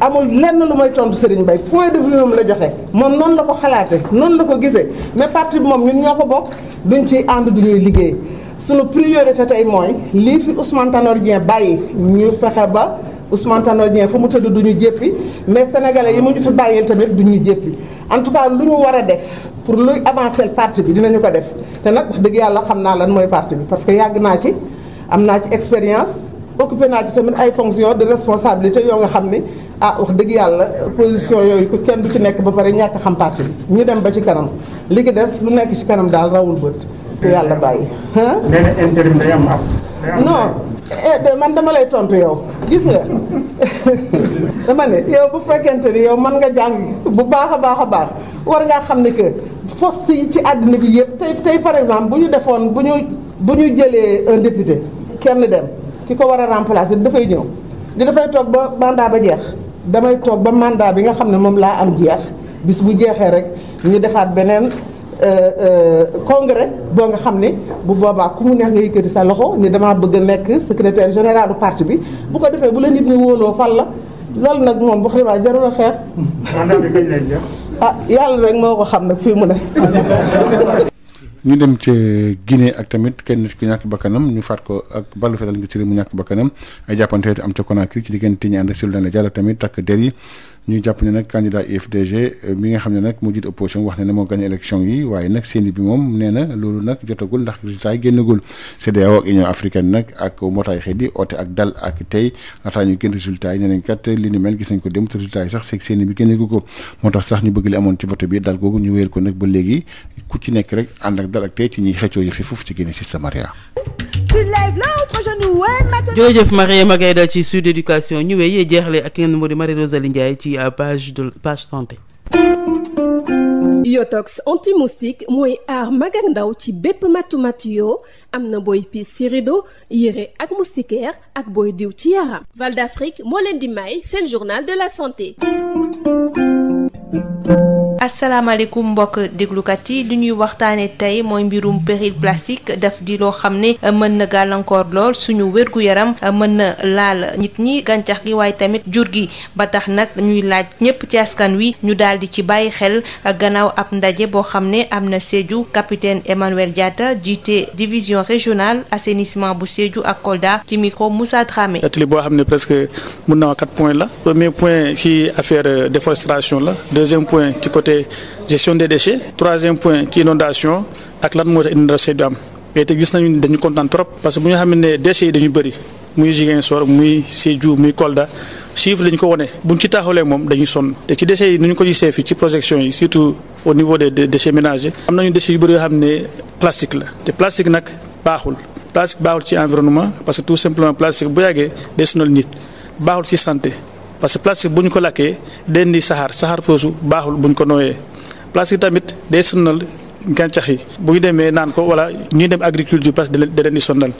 amul lenn lu may tontu Serigne bay point de vue moom la joxe moom noonu la ko xalaate noonu la ko gisee mais parti bi moom ñun ñoo ko bokk duñ ci ànd du ñuy liggéey sunu priorité tey mooy lii fi Ousmane Tanor Dieng bàyyi ñu fexe ba. Ousmane Tanor Dieng fa mu tëdd du ñu jéppi mais sénégalais yi mu ñu fi bàyyil tamit du ñu jéppi en tout cas lu ñu war a def pour luy avancer parti bi ñu ko def te nag wax dëgg yàlla xam naa lan mooy parti bi parce que yàgg naa ci am naa ci expérience occupé naa ci tamit ay fonctions de responsabilité yoo nga xam ni ah wax dëgg yàlla position yooyu kenn du ci nekk ba pare ñàkk xam parti bi ñu dem ba ci kanam li ki des lu nekk ci kanam daal rawul bët. te yàlla bàyyi. Eh, de man dama lay tontu yow gis nga dama ne yow bu fekkente ni yow man nga jàng bu baax a baax a baax war ngaa xam ne que poste ci àdduna bi yëpp tey tey par exemple bu ñu defoon bu ñu bu ñu jëlee un député kenn dem ki ko war a remplacer dafay ñëw di dafay toog ba mandat ba jeex damay toog ba mandat bi nga xam ne moom laa am jeex bis bu jeexee rek ñu defaat beneen. Euh, euh, congrès boo nga xam ne bu boobaa ku mu neex nga yëkkati sa loxo ni damaa bëgg a nekk secrétaire général du parti bi bu ko defee bu la nit ñi wóoloo fal la loolu nag moom wax dëgg yàlla jarul a xeer. ah yàlla moo xam nag fi mu ne. ñu dem ci Guinée ak tamit kenn nit ku ñàkk bakkanam ñu faat ko ak ballu fetal ngi tëri mu ñàkk bakkanam ay jàppante am ca Conakry ci diggante ñi ànd ak Souleymane Diallo tamit takk der yi. ñu jàpp ne nag candidat UFDG euh, mi nga xam ne nag moo jiit opposition wax ne ne moo gagné élection yi waaye nag seeni bi moom nee na loolu nag jotagul ndax résultat yi génnagul CEDEAO ak nag ak mbootaay oote ak dal ak tey laataa ñu génn résultat yi dem te sax seeg seeni bi génnagu ko moo tax sax ñu bëgg li amoon ci vote bi dal googu ñu wéer ko nag ba léegi ku ci nekk rek ànd ak dal ak tey ci ñuy xëccoo yëfi foofu ci Guinée Bissau Maria tu lèves l'autre genou et maintenant. jërëjëf Mariama Gaynde ci Sud Éducation ñu wéyee jeexle ak kenn moo di Marie Rosalie Ndiaye ci euh, page de page santé. yotox anti-moustique mooy aar mag ndaw ci bépp matu matu yoo am na booy piis ci rido yére ak moustiquaire ak booy diw ci yaram. Val d'Afrique moo leen di may seen journal de la santé. asalaamaaleykum mbokk déglukat yi li ñuy waxtaanee tey mooy mbirum péril plastique daf di loo xam ne euh, mën na gàllankoor lool suñu wér yaram euh, mën na laal nit ñi gàncax gi waaye tamit jur gi ba tax nag ñuy laaj ñëpp ci askan wi ñu daal di ci bàyyi xel euh, gannaaw ab ndaje boo xam ne am na Sédhiou capitaine Emmanuel Diatta jiite division régionale assainissement bu Sédhiou ak Kolda ci micro Moussa Dramé. li boo xam ne presque mun na wax quatre la premier point ci affaire déforestation la côté gestion de déchets troisième point ci inondation ak lan moo tax inondation du am mais te gis nañu dañu kontaan trop parce que bu ñu xam ne déchets yi dañu bëri muy Ziguinchor muy Sédhiou muy Kolda chiffre dañu ko wane buñ ci taaxalee moom dañuy sonn te ci déchets yi nu ñu ko gisee fii ci projection yi surtout au niveau des déchets ménagers am nañu déchets yu bëri yoo xam ne plastique la te plastique nag baaxul plastique baaxul ci environnement parce que tout simplement plastique bu yàggee day sonal nit parce que plastique bu ñu ko lakkee day indi saxaar saxaar foosu baaxul bu ñu ko nooyee plastique tamit day sonal gàncax yi bu ñu demee naan ko wala ñuy dem agriculture parce que da di sonal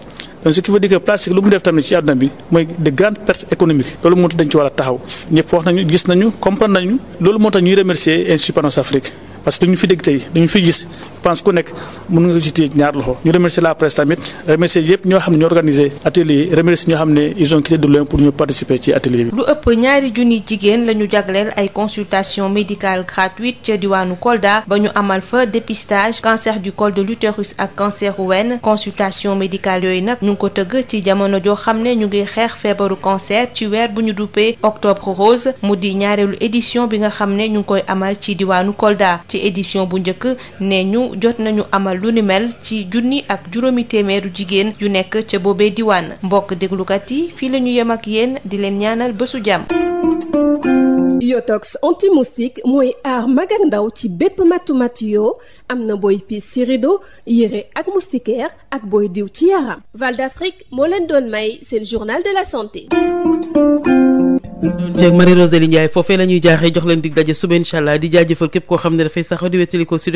donc ce qui veut dire plastique lu mu def tamit ci àdduna bi mooy de grande perte économique loolu moo tax dañ ci war a taxaw ñëpp wax nañu gis nañu comprendre nañu loolu moo tax ñuy remercier Institut Panos Afrique parce que ñu fi dégg tey dañu fi gis je pense ku nekk mën nga ci téye ñaar loxo ñu remercier la presse tamit remercier yëpp ñoo xam ne ñoo organisé atelier yi ñoo xam ne ils ont quitté de pour ñu participer ci atelier bi. lu ëpp ñaari junni jigéen la ñu jagleel ay consultation médicale gratuite ca diwaanu Kolda ba ñu amal fa dépistage cancer du col de l'utérus ak cancer wen consultation médical yooyu nag ñu ngi ko tëgg ci jamono joo xam ne ñu ngi xeex feebaru cancer ci bu ñu duppee octobre rose mu di ñaareelu édition bi nga xam ne ñu ngi koy amal ci diwaanu Kolda. ci édition bu njëkk ne ñu jot nañu amal lu ni mel ci junni ak juróomi téeméeru jigéen yu nekk ca boobe diwaan mbokk déglukat yi fii la ñu yem ak yéen di leen ñaanal bésu jàmm. yotox anti moustique mooy aar mag ak ndaw ci bépp matu-matu yoo am na booy pis ci rido yére ak moustiquaire ak booy diw ci yaram. Val d'Afrique moo leen doon may seen journal de la santé. doon ceeg Marie Rosalie Ndiaye foofee la ñuy jaaxee jox leen képp ko Sud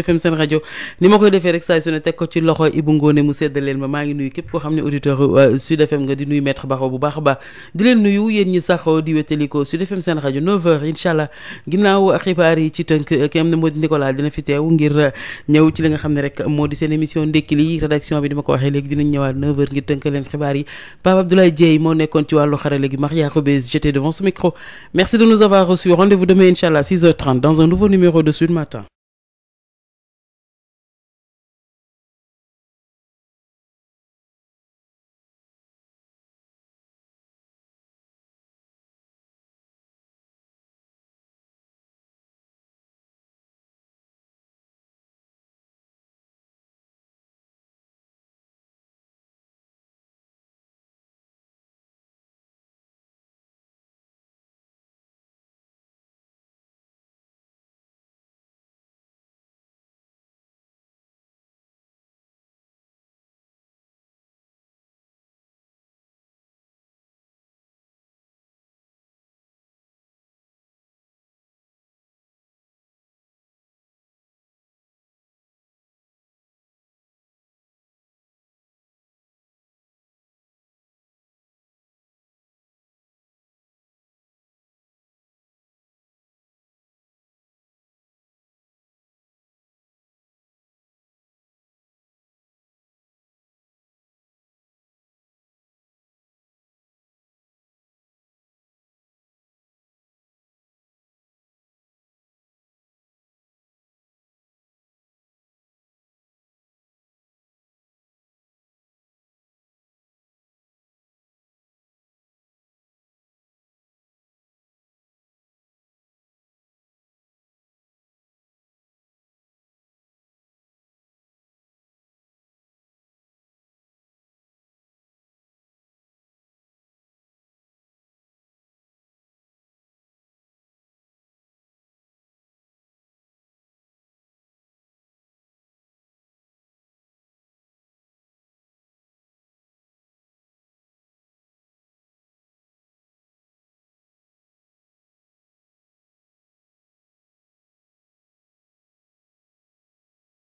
ni ma koy defee rek saa su ne teg ko ci loxo Ibou Ngone mu seddaleel ma ngi nuyu képp koo xam ne auditeur euh, Sud FM nga di nuyu maître Baxo bu baax a baax di leen nuyu yéen ñi sax di wettali ko Sud FM seen rajo 9h incha allah ginnaaw xibaar yi ci tënk ki am na moo di Nicolas dina fi teew ngir euh, ñëw ci li nga xam ne rek moo di seen émission ndekki li rédaction bi di ma ko waxee léegi dinañ ñëwaat 9h ngir tënk leen xibaar yi Pape Abdoulaye Dieye moo nekkoon ci wàllu xarale gi Maria Robes micro. Merci de nous avoir reçus. Rendez-vous demain, Inch'Allah, dans un nouveau numéro de Sud Matin.